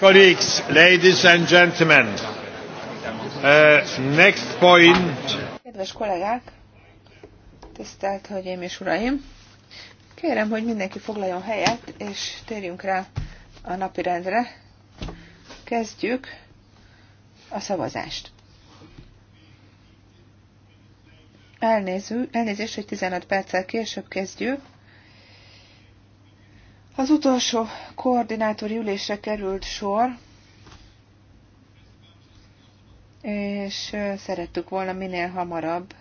colleagues, ladies and gentlemen, uh, next point. Kedves kollégák, tisztelt Hölgyeim és Uraim! Kérem, hogy mindenki foglaljon helyet, és térjünk rá a rendre. Kezdjük a szavazást. Elnéző, elnézést, hogy 15 perccel később kezdjük. Az utolsó koordinátori ülésre került sor, és szerettük volna minél hamarabb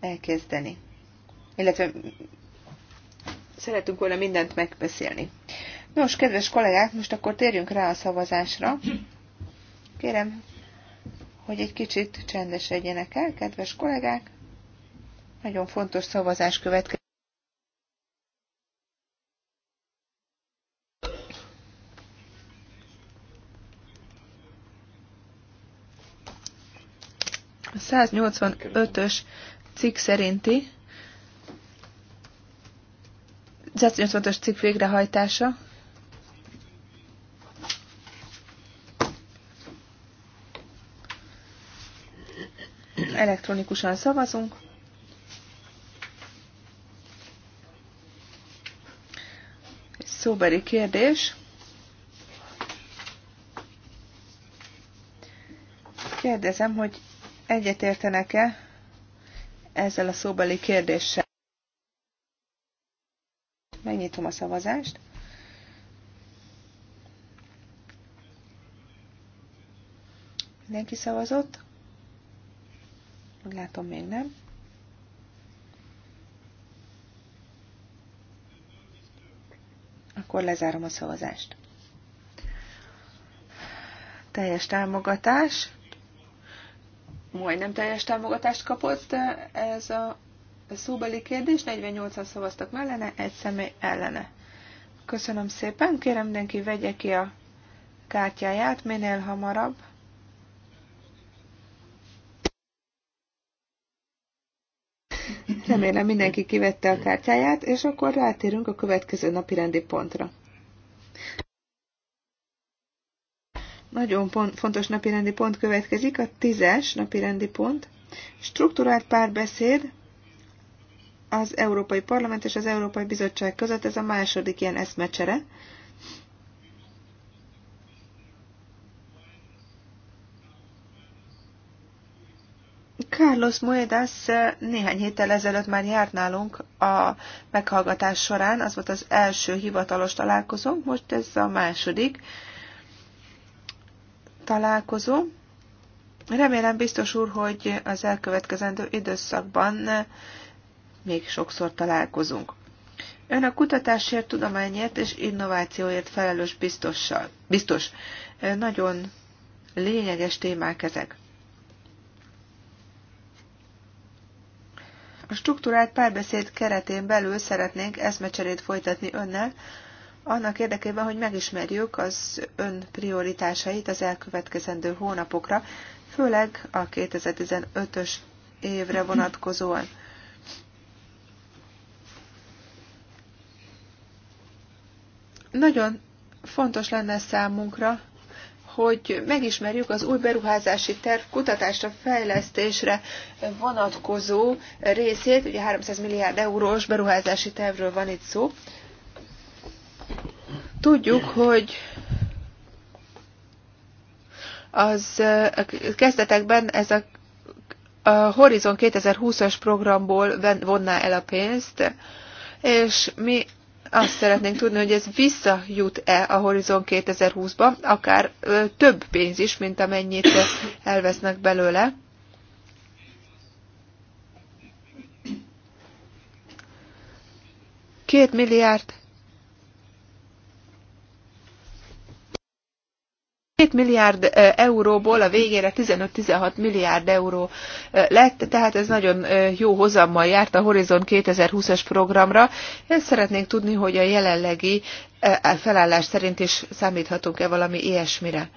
elkezdeni. Illetve szerettünk volna mindent megbeszélni. Nos, kedves kollégák, most akkor térjünk rá a szavazásra. Kérem, hogy egy kicsit csendesedjenek el, kedves kollégák. Nagyon fontos szavazás következik. 185-ös cikk szerinti 185-ös cikk végrehajtása. Elektronikusan szavazunk. szóbeli kérdés. Kérdezem, hogy Egyetértenek-e ezzel a szóbeli kérdéssel? Megnyitom a szavazást. Mindenki szavazott? látom, még nem. Akkor lezárom a szavazást. Teljes támogatás majdnem teljes támogatást kapott ez a szóbeli kérdés, 48-an szavaztak mellene, egy személy ellene. Köszönöm szépen, kérem mindenki vegye ki a kártyáját minél hamarabb. Remélem mindenki kivette a kártyáját, és akkor rátérünk a következő napi rendi pontra. Nagyon pont, fontos napirendi pont következik, a tízes napirendi pont. Strukturált párbeszéd az Európai Parlament és az Európai Bizottság között, ez a második ilyen eszmecsere. Carlos Moedas néhány héttel ezelőtt már járt nálunk a meghallgatás során, az volt az első hivatalos találkozónk, most ez a második találkozó. Remélem biztos úr, hogy az elkövetkezendő időszakban eh, még sokszor találkozunk. Ön a kutatásért, tudományért és innovációért felelős biztossal. Biztos. Eh, nagyon lényeges témák ezek. A struktúrált párbeszéd keretén belül szeretnénk eszmecserét folytatni önnel annak érdekében, hogy megismerjük az ön prioritásait az elkövetkezendő hónapokra, főleg a 2015-ös évre vonatkozóan. Nagyon fontos lenne számunkra, hogy megismerjük az új beruházási terv kutatásra, fejlesztésre vonatkozó részét, ugye 300 milliárd eurós beruházási tervről van itt szó, Tudjuk, hogy az kezdetekben ez a, a Horizon 2020-as programból vonná el a pénzt, és mi azt szeretnénk tudni, hogy ez visszajut-e a Horizon 2020-ba, akár több pénz is, mint amennyit elvesznek belőle. Két milliárd 7 milliárd euróból a végére 15-16 milliárd euró lett, tehát ez nagyon jó hozammal járt a Horizon 2020-as programra. Ezt szeretnénk tudni, hogy a jelenlegi felállás szerint is számíthatunk-e valami ilyesmire.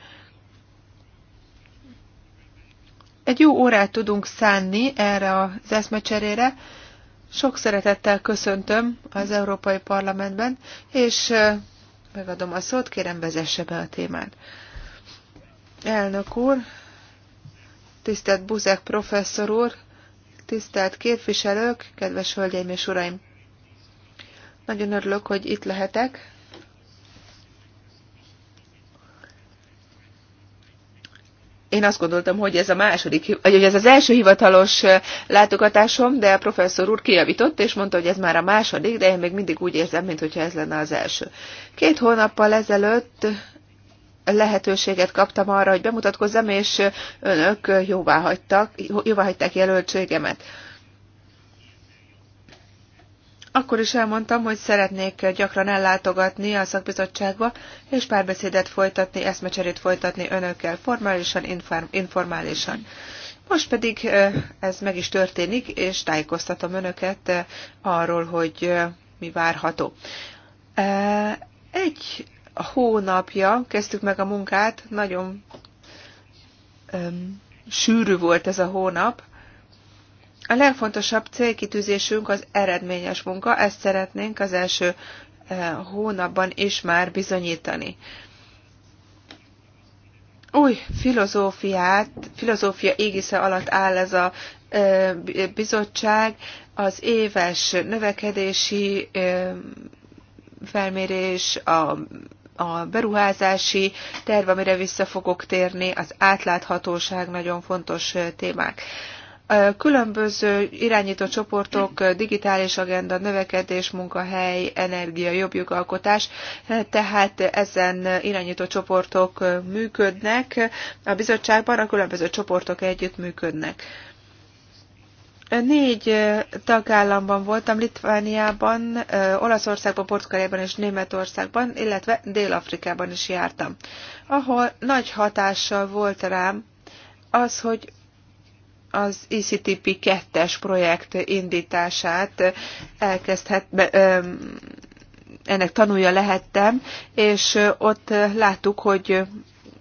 Egy jó órát tudunk szánni erre az eszmecserére. Sok szeretettel köszöntöm az Európai Parlamentben, és megadom a szót, kérem vezesse be a témát. Elnök úr, tisztelt Buzek professzor úr, tisztelt képviselők, kedves hölgyeim és uraim! Nagyon örülök, hogy itt lehetek. Én azt gondoltam, hogy ez a második, vagy ez az első hivatalos látogatásom, de a professzor úr kijavított, és mondta, hogy ez már a második, de én még mindig úgy érzem, mintha ez lenne az első. Két hónappal ezelőtt lehetőséget kaptam arra, hogy bemutatkozzam, és önök jóvá, hagytak, jóvá hagyták jelöltségemet. Akkor is elmondtam, hogy szeretnék gyakran ellátogatni a szakbizottságba, és párbeszédet folytatni, eszmecserét folytatni önökkel, formálisan, informálisan. Most pedig ez meg is történik, és tájékoztatom önöket arról, hogy mi várható. Egy hónapja kezdtük meg a munkát, nagyon öm, sűrű volt ez a hónap. A legfontosabb célkitűzésünk az eredményes munka, ezt szeretnénk az első hónapban is már bizonyítani. Új filozófiát, filozófia égisze alatt áll ez a bizottság, az éves növekedési felmérés, a a beruházási terv, amire vissza fogok térni, az átláthatóság nagyon fontos témák. Különböző irányító csoportok, digitális agenda, növekedés, munkahely, energia, jobb jogalkotás, tehát ezen irányító csoportok működnek a bizottságban, a különböző csoportok együtt működnek. Négy tagállamban voltam, Litvániában, Olaszországban, Portugáliában és Németországban, illetve Dél-Afrikában is jártam, ahol nagy hatással volt rám az, hogy az ICTP e 2-es projekt indítását elkezdhet, be, ennek tanulja lehettem, és ott láttuk, hogy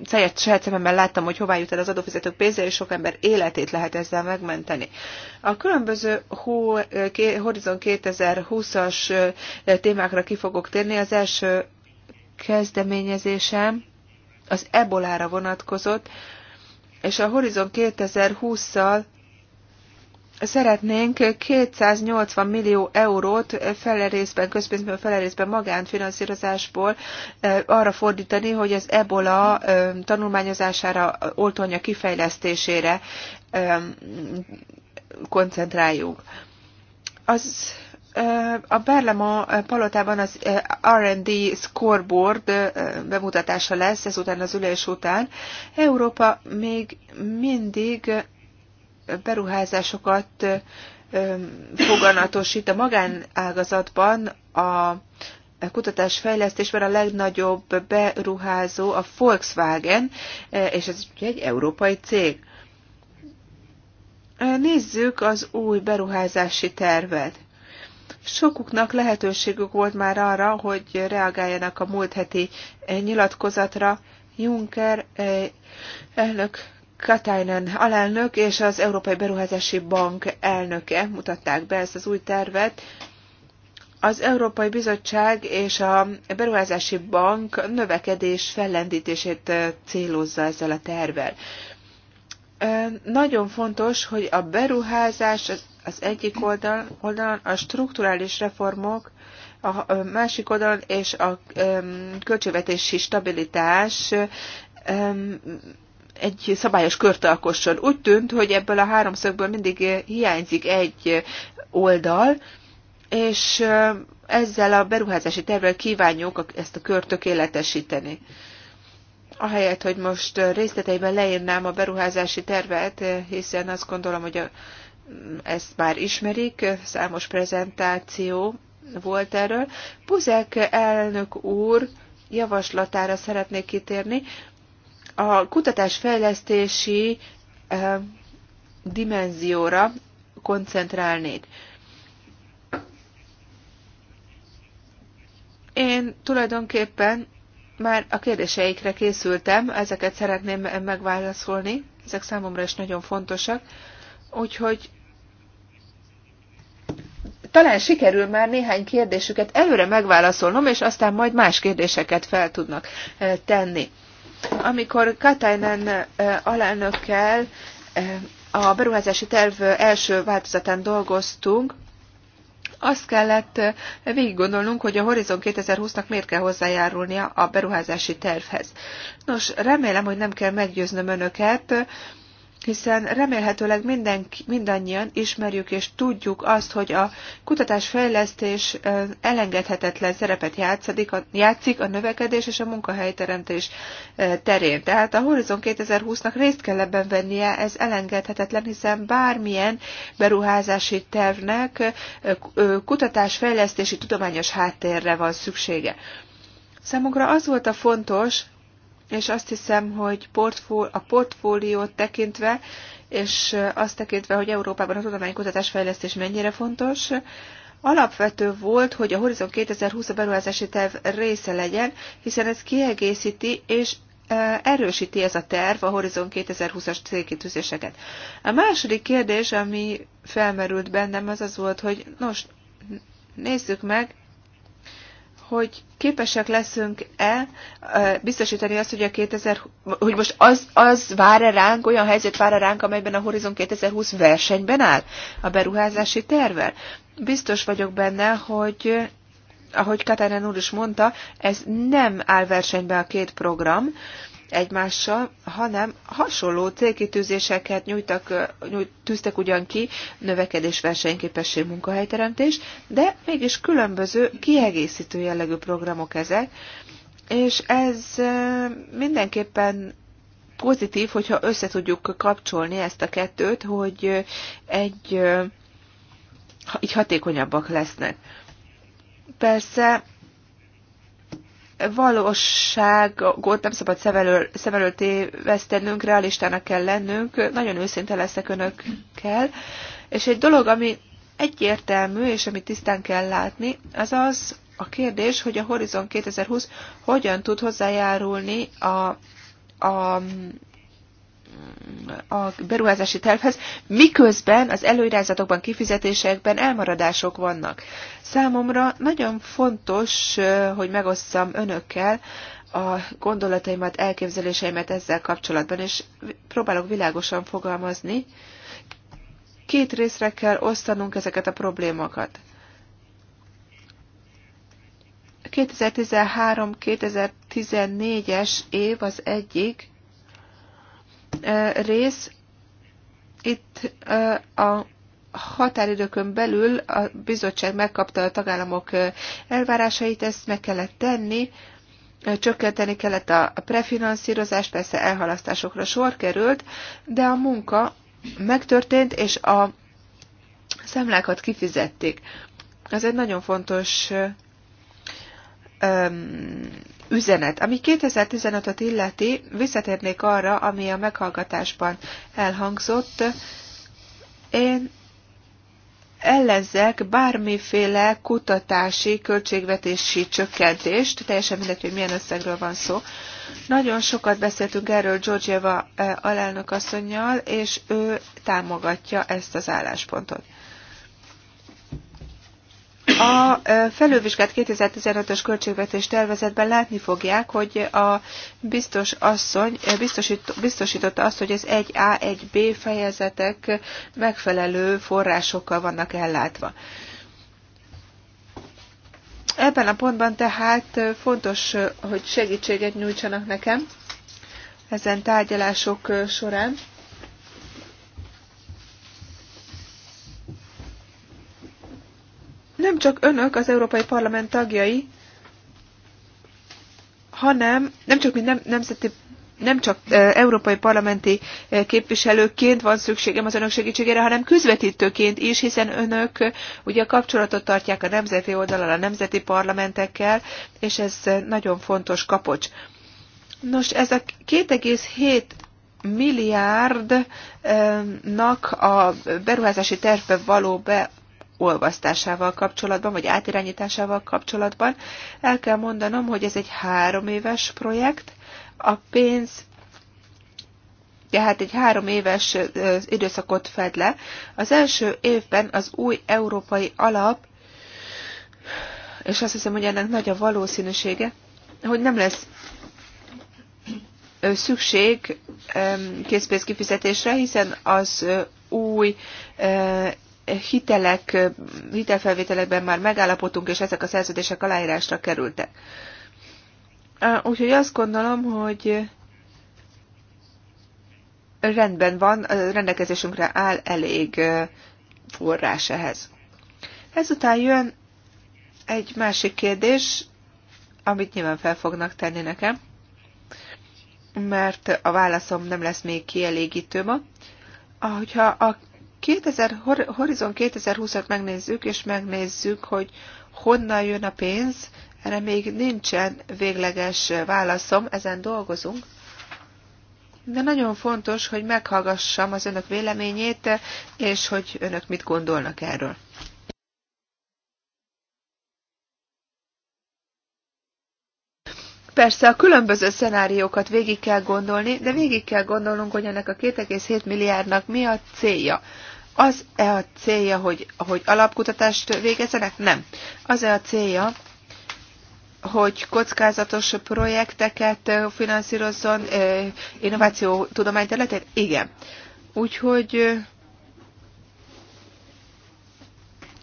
saját szememmel láttam, hogy hová jut el az adófizetők pénze, és sok ember életét lehet ezzel megmenteni. A különböző eh, Horizon 2020-as eh, témákra ki fogok térni. Az első kezdeményezésem az ebolára vonatkozott, és a Horizon 2020-szal szeretnénk 280 millió eurót felerészben, közpénzből felerészben magánfinanszírozásból arra fordítani, hogy az ebola tanulmányozására, oltónya kifejlesztésére koncentráljunk. Az a Berlema palotában az R&D scoreboard bemutatása lesz, ezután az ülés után. Európa még mindig beruházásokat foganatosít a magánágazatban a kutatásfejlesztésben a legnagyobb beruházó a Volkswagen, és ez egy európai cég. Nézzük az új beruházási tervet. Sokuknak lehetőségük volt már arra, hogy reagáljanak a múlt heti nyilatkozatra. Juncker elnök Katainen alelnök és az Európai Beruházási Bank elnöke mutatták be ezt az új tervet. Az Európai Bizottság és a Beruházási Bank növekedés fellendítését célozza ezzel a tervel. Nagyon fontos, hogy a beruházás az egyik oldal, oldalon, a strukturális reformok a másik oldalon, és a költségvetési stabilitás egy szabályos kört alkosson. Úgy tűnt, hogy ebből a háromszögből mindig hiányzik egy oldal, és ezzel a beruházási tervvel kívánjuk ezt a kört tökéletesíteni. Ahelyett, hogy most részleteiben leírnám a beruházási tervet, hiszen azt gondolom, hogy a, ezt már ismerik, számos prezentáció volt erről. Buzek elnök úr javaslatára szeretnék kitérni, a kutatásfejlesztési dimenzióra koncentrálnék. Én tulajdonképpen már a kérdéseikre készültem, ezeket szeretném megválaszolni, ezek számomra is nagyon fontosak, úgyhogy talán sikerül már néhány kérdésüket előre megválaszolnom, és aztán majd más kérdéseket fel tudnak tenni. Amikor Katainen alelnökkel a beruházási terv első változatán dolgoztunk, azt kellett végig gondolnunk, hogy a Horizon 2020-nak miért kell hozzájárulnia a beruházási tervhez. Nos, remélem, hogy nem kell meggyőznöm önöket, hiszen remélhetőleg mindenki, mindannyian ismerjük és tudjuk azt, hogy a kutatásfejlesztés elengedhetetlen szerepet játszik, játszik a növekedés és a munkahelyteremtés terén. Tehát a Horizon 2020-nak részt kell ebben vennie, ez elengedhetetlen, hiszen bármilyen beruházási tervnek kutatásfejlesztési tudományos háttérre van szüksége. Számunkra az volt a fontos, és azt hiszem, hogy a portfóliót tekintve, és azt tekintve, hogy Európában a tudománykutatás fejlesztés mennyire fontos, Alapvető volt, hogy a Horizon 2020 beruházási terv része legyen, hiszen ez kiegészíti és e, erősíti ez a terv a Horizon 2020-as célkitűzéseket. A második kérdés, ami felmerült bennem, az az volt, hogy nos, nézzük meg, hogy képesek leszünk-e biztosítani azt, hogy a 2000, hogy most az, az vár-e ránk, olyan helyzet vár-e ránk, amelyben a Horizon 2020 versenyben áll a beruházási tervel. Biztos vagyok benne, hogy ahogy Katarina úr is mondta, ez nem áll versenybe a két program, egymással, hanem hasonló célkitűzéseket nyújtak, nyújt, tűztek ugyan ki, növekedés, versenyképesség, munkahelyteremtés, de mégis különböző kiegészítő jellegű programok ezek, és ez mindenképpen pozitív, hogyha össze tudjuk kapcsolni ezt a kettőt, hogy egy így hatékonyabbak lesznek. Persze valóságot nem szabad szem előtt tévesztenünk, realistának kell lennünk, nagyon őszinte leszek önökkel. És egy dolog, ami egyértelmű, és amit tisztán kell látni, az az a kérdés, hogy a Horizon 2020 hogyan tud hozzájárulni a, a a beruházási tervhez, miközben az előirányzatokban, kifizetésekben elmaradások vannak. Számomra nagyon fontos, hogy megosszam önökkel a gondolataimat, elképzeléseimet ezzel kapcsolatban, és próbálok világosan fogalmazni. Két részre kell osztanunk ezeket a problémákat. 2013-2014-es év az egyik, rész. Itt a határidőkön belül a bizottság megkapta a tagállamok elvárásait, ezt meg kellett tenni, csökkenteni kellett a prefinanszírozás, persze elhalasztásokra sor került, de a munka megtörtént, és a szemlákat kifizették. Ez egy nagyon fontos üzenet. Ami 2015-öt illeti, visszatérnék arra, ami a meghallgatásban elhangzott. Én ellenzek bármiféle kutatási, költségvetési csökkentést, teljesen mindegy, hogy milyen összegről van szó. Nagyon sokat beszéltünk erről Georgieva eh, alelnök asszonynal, és ő támogatja ezt az álláspontot. A felülvizsgált 2015-ös költségvetés tervezetben látni fogják, hogy a biztos asszony biztosít, biztosította azt, hogy az 1A, 1B fejezetek megfelelő forrásokkal vannak ellátva. Ebben a pontban tehát fontos, hogy segítséget nyújtsanak nekem ezen tárgyalások során. nem csak önök, az Európai Parlament tagjai, hanem nem csak mint nem, nemzeti nem csak európai parlamenti képviselőként van szükségem az önök segítségére, hanem közvetítőként is, hiszen önök ugye a kapcsolatot tartják a nemzeti oldalal, a nemzeti parlamentekkel, és ez nagyon fontos kapocs. Nos, ez a 2,7 milliárdnak a beruházási tervbe való be, olvasztásával kapcsolatban, vagy átirányításával kapcsolatban. El kell mondanom, hogy ez egy három éves projekt. A pénz tehát egy három éves időszakot fed le. Az első évben az új európai alap, és azt hiszem, hogy ennek nagy a valószínűsége, hogy nem lesz szükség készpénzkifizetésre, hiszen az új hitelek, hitelfelvételekben már megállapodtunk, és ezek a szerződések aláírásra kerültek. Úgyhogy azt gondolom, hogy rendben van, rendelkezésünkre áll elég forrás ehhez. Ezután jön egy másik kérdés, amit nyilván fel fognak tenni nekem, mert a válaszom nem lesz még kielégítő ma. Ahogyha a 2000, Horizon 2020-at megnézzük, és megnézzük, hogy honnan jön a pénz, erre még nincsen végleges válaszom, ezen dolgozunk. De nagyon fontos, hogy meghallgassam az önök véleményét, és hogy önök mit gondolnak erről. Persze a különböző szenáriókat végig kell gondolni, de végig kell gondolnunk, hogy ennek a 2,7 milliárdnak mi a célja. Az-e a célja, hogy, hogy alapkutatást végezzenek? Nem. Az-e a célja, hogy kockázatos projekteket finanszírozzon innováció tudomány területén? Igen. Úgyhogy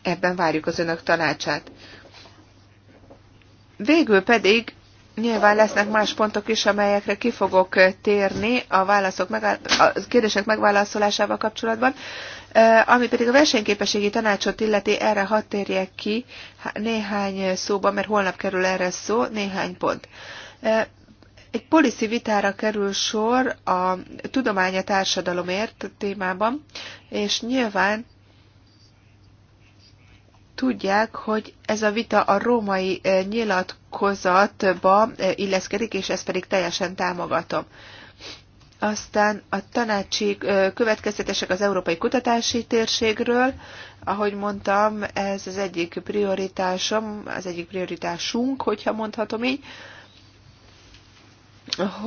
ebben várjuk az önök tanácsát. Végül pedig Nyilván lesznek más pontok is, amelyekre ki fogok eh, térni a, válaszok megá- a kérdések megválaszolásával kapcsolatban. Eh, ami pedig a versenyképességi tanácsot illeti, erre hadd térjek ki néhány szóba, mert holnap kerül erre szó, néhány pont. Eh, egy policy vitára kerül sor a tudománya társadalomért témában, és nyilván tudják, hogy ez a vita a római eh, nyilatkozatba eh, illeszkedik, és ezt pedig teljesen támogatom. Aztán a tanácsi eh, következtetések az európai kutatási térségről, ahogy mondtam, ez az egyik prioritásom, az egyik prioritásunk, hogyha mondhatom így,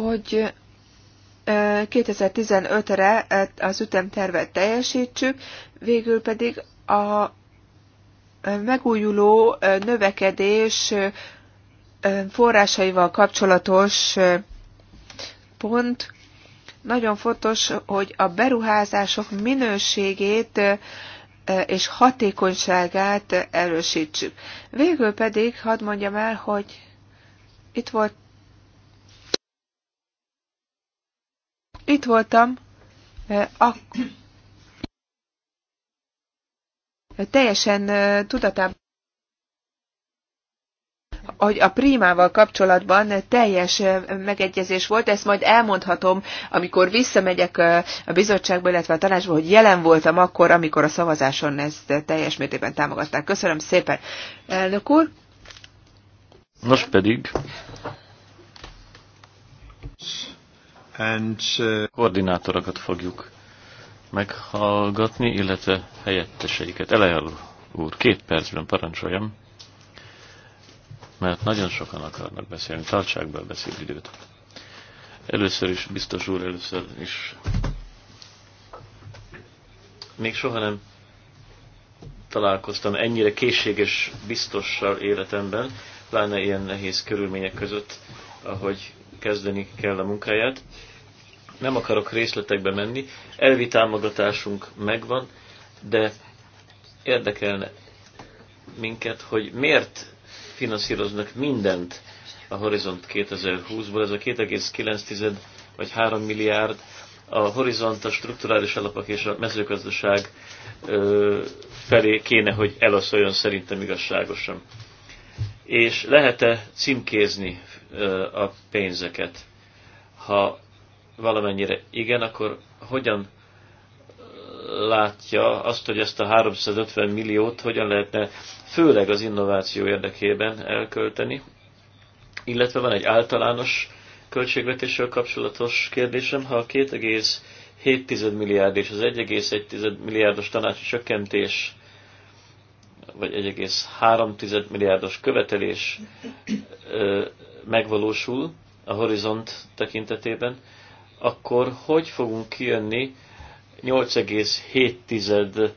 hogy 2015-re az ütemtervet teljesítsük, végül pedig a megújuló növekedés forrásaival kapcsolatos pont. Nagyon fontos, hogy a beruházások minőségét és hatékonyságát erősítsük. Végül pedig hadd mondjam el, hogy itt volt itt voltam, ak- teljesen tudatában hogy a prímával kapcsolatban teljes megegyezés volt, ezt majd elmondhatom, amikor visszamegyek a bizottságba, illetve a tanácsba, hogy jelen voltam akkor, amikor a szavazáson ezt teljes mértékben támogatták. Köszönöm szépen, elnök úr! Nos pedig and, uh... koordinátorokat fogjuk meghallgatni, illetve helyetteseiket. Elejel úr, két percben parancsoljam, mert nagyon sokan akarnak beszélni. Tartsák be a beszélidőt. Először is, biztos úr, először is. Még soha nem találkoztam ennyire készséges, biztossal életemben, pláne ilyen nehéz körülmények között, ahogy kezdeni kell a munkáját nem akarok részletekbe menni, elvi támogatásunk megvan, de érdekelne minket, hogy miért finanszíroznak mindent a Horizont 2020-ból, ez a 2,9 vagy 3 milliárd, a horizont, a strukturális alapok és a mezőgazdaság felé kéne, hogy eloszoljon szerintem igazságosan. És lehet-e címkézni a pénzeket? Ha valamennyire igen, akkor hogyan látja azt, hogy ezt a 350 milliót hogyan lehetne főleg az innováció érdekében elkölteni, illetve van egy általános költségvetéssel kapcsolatos kérdésem, ha a 2,7 milliárd és az 1,1 milliárdos tanácsi csökkentés, vagy 1,3 milliárdos követelés megvalósul a horizont tekintetében, akkor hogy fogunk kijönni 8,7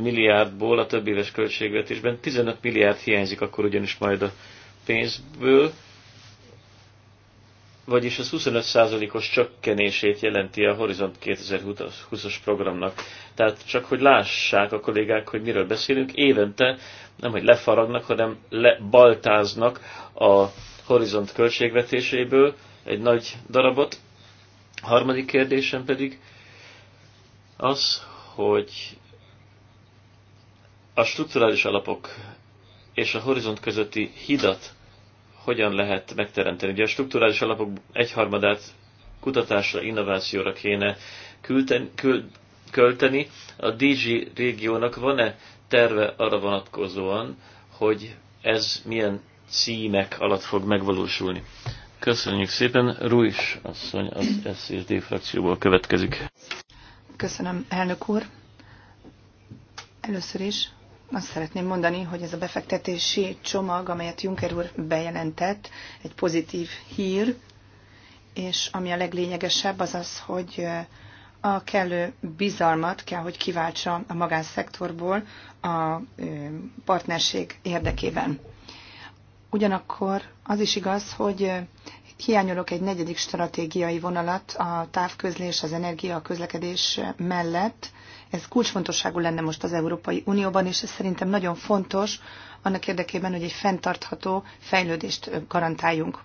milliárdból a több éves költségvetésben? 15 milliárd hiányzik akkor ugyanis majd a pénzből, vagyis az 25%-os csökkenését jelenti a Horizont 2020-as programnak. Tehát csak, hogy lássák a kollégák, hogy miről beszélünk, évente nem, hogy lefaragnak, hanem lebaltáznak a Horizont költségvetéséből egy nagy darabot, a harmadik kérdésem pedig az, hogy a strukturális alapok és a horizont közötti hidat hogyan lehet megteremteni. Ugye a strukturális alapok egyharmadát kutatásra, innovációra kéne külten, kül, költeni. A DG régiónak van-e terve arra vonatkozóan, hogy ez milyen címek alatt fog megvalósulni? Köszönjük szépen. Ruis asszony az SZSD frakcióból következik. Köszönöm, elnök úr. Először is azt szeretném mondani, hogy ez a befektetési csomag, amelyet Juncker úr bejelentett, egy pozitív hír, és ami a leglényegesebb az az, hogy a kellő bizalmat kell, hogy kiváltsa a magánszektorból a partnerség érdekében. Ugyanakkor az is igaz, hogy hiányolok egy negyedik stratégiai vonalat a távközlés, az energia, a közlekedés mellett. Ez kulcsfontosságú lenne most az Európai Unióban, és ez szerintem nagyon fontos annak érdekében, hogy egy fenntartható fejlődést garantáljunk.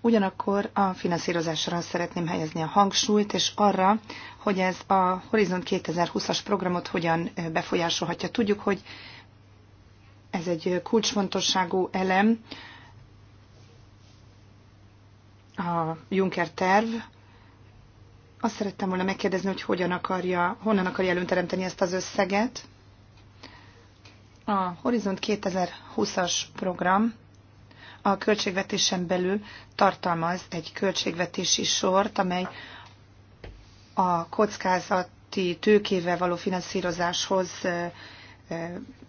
Ugyanakkor a finanszírozásra szeretném helyezni a hangsúlyt, és arra, hogy ez a Horizont 2020-as programot hogyan befolyásolhatja. Tudjuk, hogy ez egy kulcsfontosságú elem a Juncker terv. Azt szerettem volna megkérdezni, hogy hogyan akarja, honnan akarja előteremteni ezt az összeget. A Horizont 2020-as program a költségvetésen belül tartalmaz egy költségvetési sort, amely a kockázati tőkével való finanszírozáshoz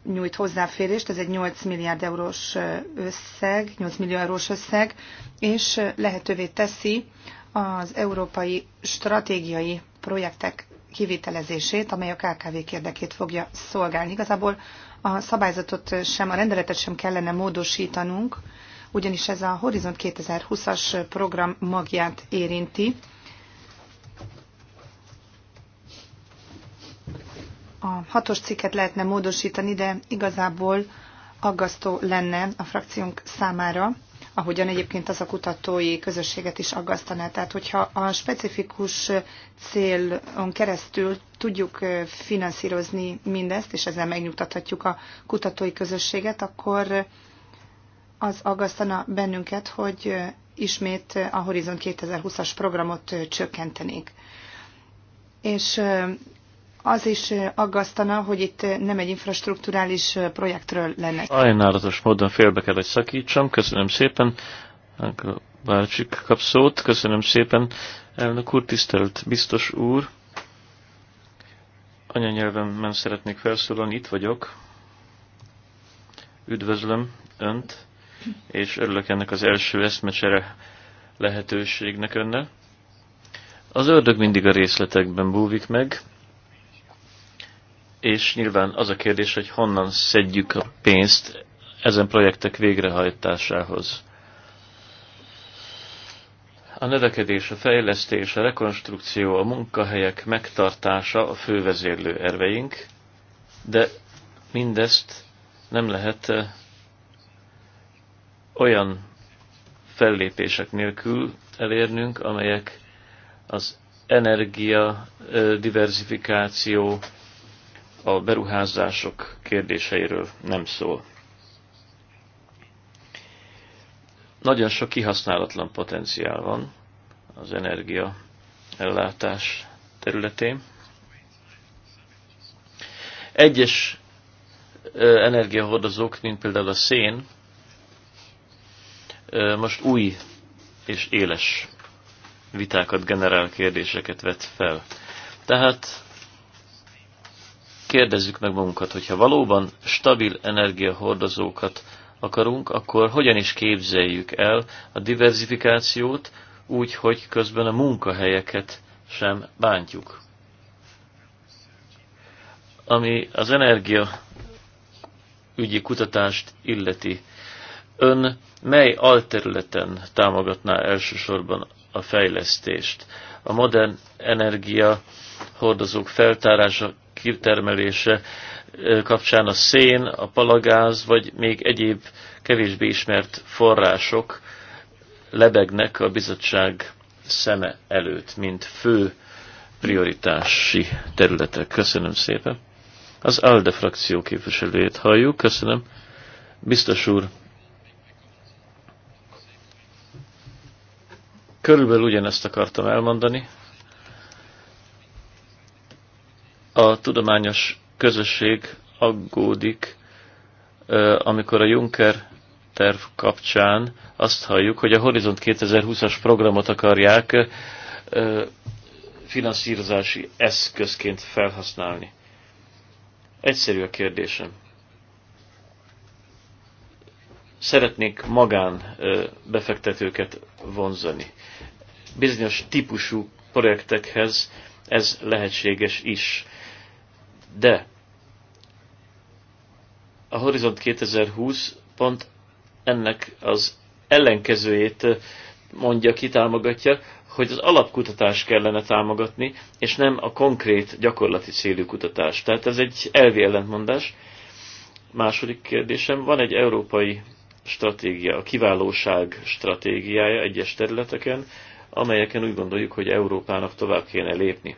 nyújt hozzáférést, ez egy 8 milliárd eurós összeg, 8 millió eurós összeg, és lehetővé teszi az európai stratégiai projektek kivitelezését, amely a KKV-k érdekét fogja szolgálni. Igazából a szabályzatot sem, a rendeletet sem kellene módosítanunk, ugyanis ez a Horizont 2020-as program magját érinti, a hatos cikket lehetne módosítani, de igazából aggasztó lenne a frakciónk számára, ahogyan egyébként az a kutatói közösséget is aggasztaná. Tehát, hogyha a specifikus célon keresztül tudjuk finanszírozni mindezt, és ezzel megnyugtathatjuk a kutatói közösséget, akkor az aggasztana bennünket, hogy ismét a Horizon 2020-as programot csökkentenék. És az is aggasztana, hogy itt nem egy infrastruktúrális projektről lenne. Ajnálatos módon félbe kell, hogy szakítsam. Köszönöm szépen. Bárcsik kap szót. Köszönöm szépen. Elnök úr, tisztelt biztos úr. Anyanyelvemben szeretnék felszólalni. Itt vagyok. Üdvözlöm Önt, és örülök ennek az első eszmecsere lehetőségnek Önnel. Az ördög mindig a részletekben búvik meg, és nyilván az a kérdés, hogy honnan szedjük a pénzt ezen projektek végrehajtásához. A növekedés, a fejlesztés, a rekonstrukció, a munkahelyek megtartása a fővezérlő erveink, de mindezt nem lehet eh, olyan fellépések nélkül elérnünk, amelyek az energia, eh, diversifikáció, a beruházások kérdéseiről nem szól. Nagyon sok kihasználatlan potenciál van az energia ellátás területén. Egyes energiahordozók, mint például a szén, most új és éles vitákat generál, kérdéseket vet fel. Tehát kérdezzük meg magunkat, hogyha valóban stabil energiahordozókat akarunk, akkor hogyan is képzeljük el a diversifikációt úgy, hogy közben a munkahelyeket sem bántjuk. Ami az energia ügyi kutatást illeti, ön mely alterületen támogatná elsősorban a fejlesztést? A modern energia hordozók feltárása, kitermelése kapcsán a szén, a palagáz, vagy még egyéb kevésbé ismert források lebegnek a bizottság szeme előtt, mint fő prioritási területek. Köszönöm szépen. Az ALDE frakció képviselőjét halljuk. Köszönöm. Biztos úr, körülbelül ugyanezt akartam elmondani, A tudományos közösség aggódik, amikor a Juncker terv kapcsán azt halljuk, hogy a Horizont 2020-as programot akarják finanszírozási eszközként felhasználni. Egyszerű a kérdésem. Szeretnék magán befektetőket vonzani. Bizonyos típusú projektekhez ez lehetséges is. De a Horizont 2020 pont ennek az ellenkezőjét mondja, kitámogatja, hogy az alapkutatást kellene támogatni, és nem a konkrét gyakorlati célú kutatást. Tehát ez egy elvi ellentmondás. Második kérdésem, van egy európai stratégia, a kiválóság stratégiája egyes területeken, amelyeken úgy gondoljuk, hogy Európának tovább kéne lépni.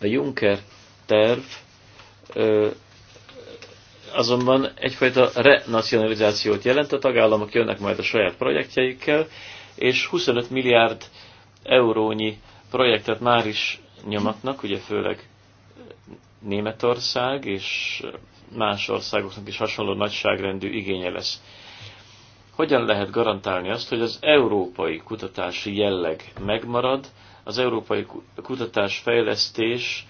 A Juncker terv azonban egyfajta renacionalizációt jelent, a tagállamok jönnek majd a saját projektjeikkel, és 25 milliárd eurónyi projektet már is nyomatnak, ugye főleg Németország és más országoknak is hasonló nagyságrendű igénye lesz. Hogyan lehet garantálni azt, hogy az európai kutatási jelleg megmarad, az európai kutatás fejlesztés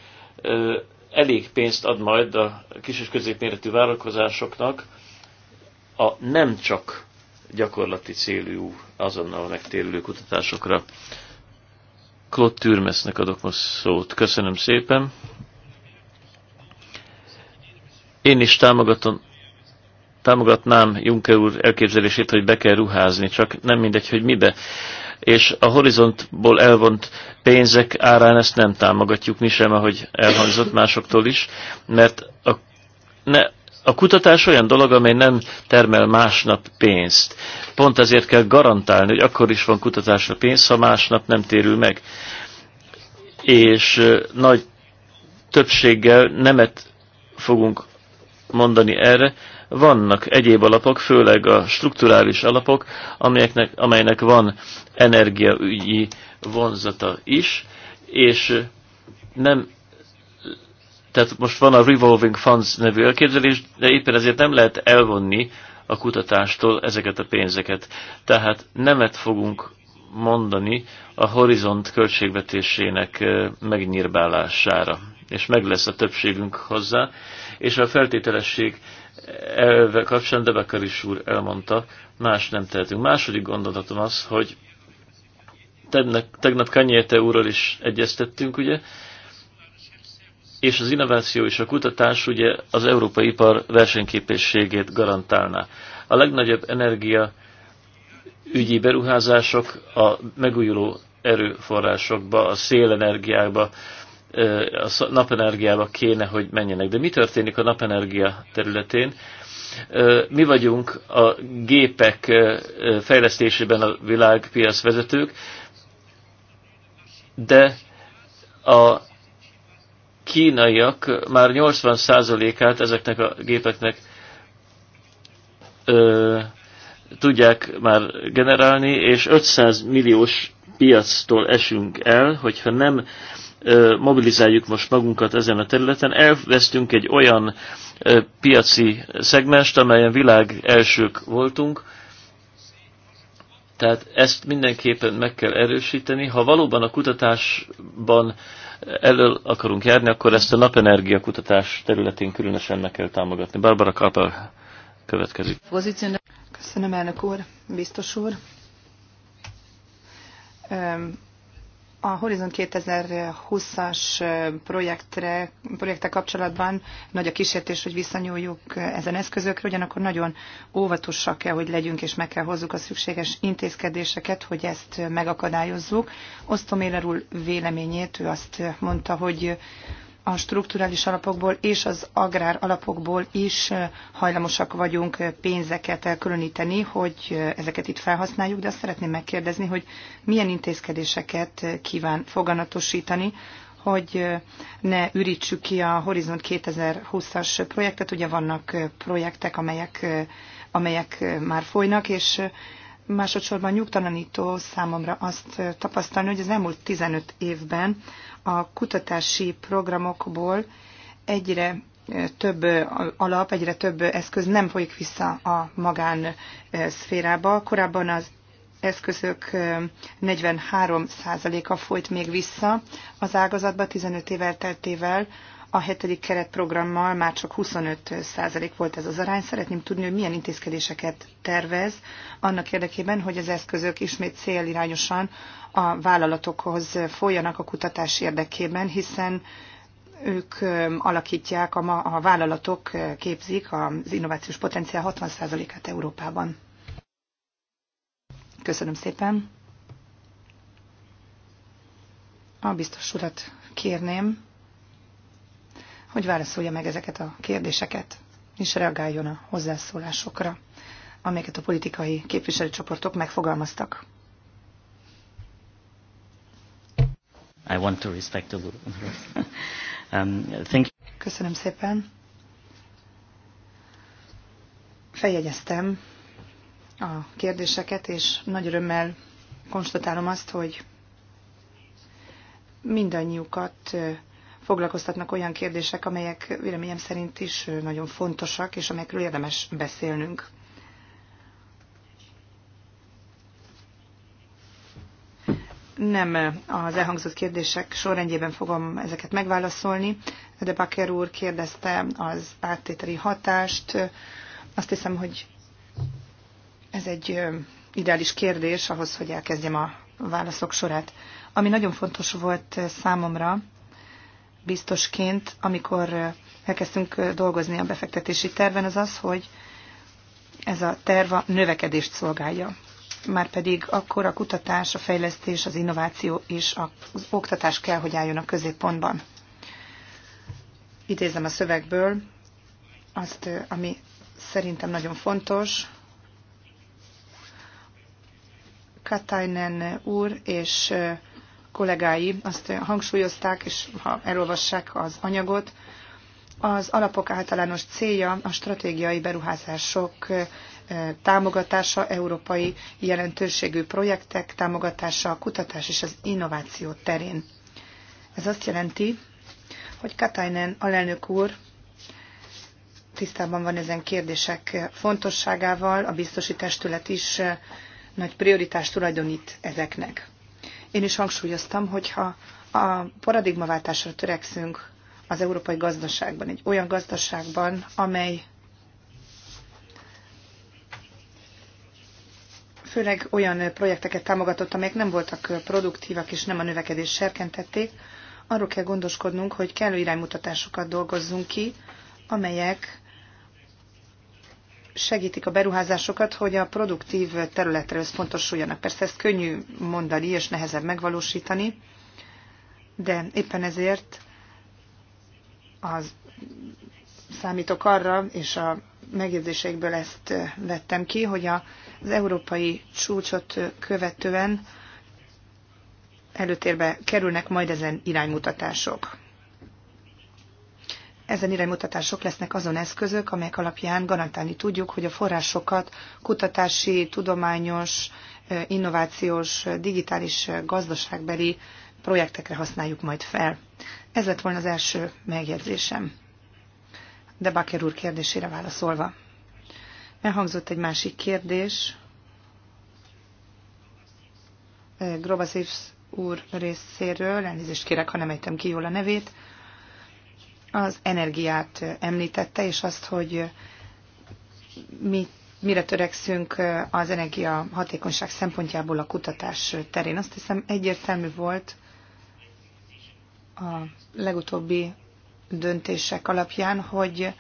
elég pénzt ad majd a kis és középméretű vállalkozásoknak a nem csak gyakorlati célú azonnal megtérülő kutatásokra. Klott Türmesznek adok most szót. Köszönöm szépen. Én is támogatom, támogatnám Juncker úr elképzelését, hogy be kell ruházni, csak nem mindegy, hogy mibe és a horizontból elvont pénzek árán ezt nem támogatjuk mi sem, ahogy elhangzott másoktól is, mert a, ne, a kutatás olyan dolog, amely nem termel másnap pénzt. Pont ezért kell garantálni, hogy akkor is van kutatásra pénz, ha másnap nem térül meg. És nagy többséggel nemet fogunk mondani erre, vannak egyéb alapok, főleg a strukturális alapok, amelyeknek, amelynek van energiaügyi vonzata is, és nem tehát most van a Revolving Funds nevű elképzelés, de éppen ezért nem lehet elvonni a kutatástól ezeket a pénzeket. Tehát nemet fogunk mondani a horizont költségvetésének megnyírbálására, és meg lesz a többségünk hozzá, és a feltételesség elve kapcsán Debekar is úr elmondta, más nem tehetünk. Második gondolatom az, hogy tegnap, tegnap Kanyéte úrral is egyeztettünk, ugye, és az innováció és a kutatás ugye az európai ipar versenyképességét garantálná. A legnagyobb energia ügyi beruházások a megújuló erőforrásokba, a szélenergiába, a napenergiába kéne, hogy menjenek. De mi történik a napenergia területén? Mi vagyunk a gépek fejlesztésében a világpiac vezetők, de a kínaiak már 80%-át ezeknek a gépeknek ö, tudják már generálni, és 500 milliós piactól esünk el, hogyha nem mobilizáljuk most magunkat ezen a területen. Elvesztünk egy olyan piaci szegmest, amelyen világ elsők voltunk, tehát ezt mindenképpen meg kell erősíteni. Ha valóban a kutatásban elől akarunk járni, akkor ezt a napenergia kutatás területén különösen meg kell támogatni. Barbara Kapel következik. Köszönöm, elnök úr, biztos úr a Horizon 2020-as projektre, projekte kapcsolatban nagy a kísértés, hogy visszanyúljuk ezen eszközökre, ugyanakkor nagyon óvatosak kell, hogy legyünk, és meg kell hozzuk a szükséges intézkedéseket, hogy ezt megakadályozzuk. Osztom Éler úr véleményét, ő azt mondta, hogy a strukturális alapokból és az agrár alapokból is hajlamosak vagyunk pénzeket elkülöníteni, hogy ezeket itt felhasználjuk, de azt szeretném megkérdezni, hogy milyen intézkedéseket kíván foganatosítani, hogy ne ürítsük ki a Horizont 2020-as projektet. Ugye vannak projektek, amelyek, amelyek már folynak, és másodszorban nyugtalanító számomra azt tapasztalni, hogy az elmúlt 15 évben a kutatási programokból egyre eh, több eh, alap, egyre több eszköz nem folyik vissza a magán eh, szférába. Korábban az eszközök 43%-a folyt még vissza az ágazatba 15 évvel teltével, a hetedik keretprogrammal már csak 25% volt ez az arány. Szeretném tudni, hogy milyen intézkedéseket tervez annak érdekében, hogy az eszközök ismét célirányosan a vállalatokhoz folyanak a kutatás érdekében, hiszen ők alakítják, a, ma, a vállalatok képzik az innovációs potenciál 60%-át Európában. Köszönöm szépen. A biztos urat kérném, hogy válaszolja meg ezeket a kérdéseket, és reagáljon a hozzászólásokra, amelyeket a politikai képviselőcsoportok megfogalmaztak. I want to respect the um, thank you. Köszönöm szépen. Feljegyeztem a kérdéseket, és nagy örömmel konstatálom azt, hogy mindannyiukat foglalkoztatnak olyan kérdések, amelyek véleményem szerint is nagyon fontosak, és amelyekről érdemes beszélnünk. Nem az elhangzott kérdések sorrendjében fogom ezeket megválaszolni, de Baker úr kérdezte az áttételi hatást. Azt hiszem, hogy ez egy ideális kérdés ahhoz, hogy elkezdjem a válaszok sorát. Ami nagyon fontos volt számomra, biztosként, amikor elkezdtünk dolgozni a befektetési terven, az az, hogy ez a terv a növekedést szolgálja. Márpedig akkor a kutatás, a fejlesztés, az innováció és az oktatás kell, hogy álljon a középpontban. Idézem a szövegből azt, ami szerintem nagyon fontos, Katainen úr és kollégái azt hangsúlyozták, és ha elolvassák az anyagot, az alapok általános célja a stratégiai beruházások támogatása, európai jelentőségű projektek támogatása, a kutatás és az innováció terén. Ez azt jelenti, hogy Katainen alelnök úr tisztában van ezen kérdések fontosságával, a biztosítástület is nagy prioritást tulajdonít ezeknek. Én is hangsúlyoztam, hogyha a paradigmaváltásra törekszünk az európai gazdaságban, egy olyan gazdaságban, amely főleg olyan projekteket támogatott, amelyek nem voltak produktívak és nem a növekedést serkentették, arról kell gondoskodnunk, hogy kellő iránymutatásokat dolgozzunk ki, amelyek segítik a beruházásokat, hogy a produktív területre összpontosuljanak. Persze ezt könnyű mondani és nehezebb megvalósítani, de éppen ezért az számítok arra, és a megjegyzésekből ezt vettem ki, hogy az európai csúcsot követően előtérbe kerülnek majd ezen iránymutatások. Ezen iránymutatások lesznek azon eszközök, amelyek alapján garantálni tudjuk, hogy a forrásokat kutatási, tudományos, innovációs, digitális gazdaságbeli projektekre használjuk majd fel. Ez lett volna az első megjegyzésem. De Baker úr kérdésére válaszolva. Elhangzott egy másik kérdés. Grobasivs úr részéről, elnézést kérek, ha nem ejtem ki jól a nevét, az energiát említette, és azt, hogy mi, mire törekszünk az energia hatékonyság szempontjából a kutatás terén. Azt hiszem egyértelmű volt a legutóbbi döntések alapján, hogy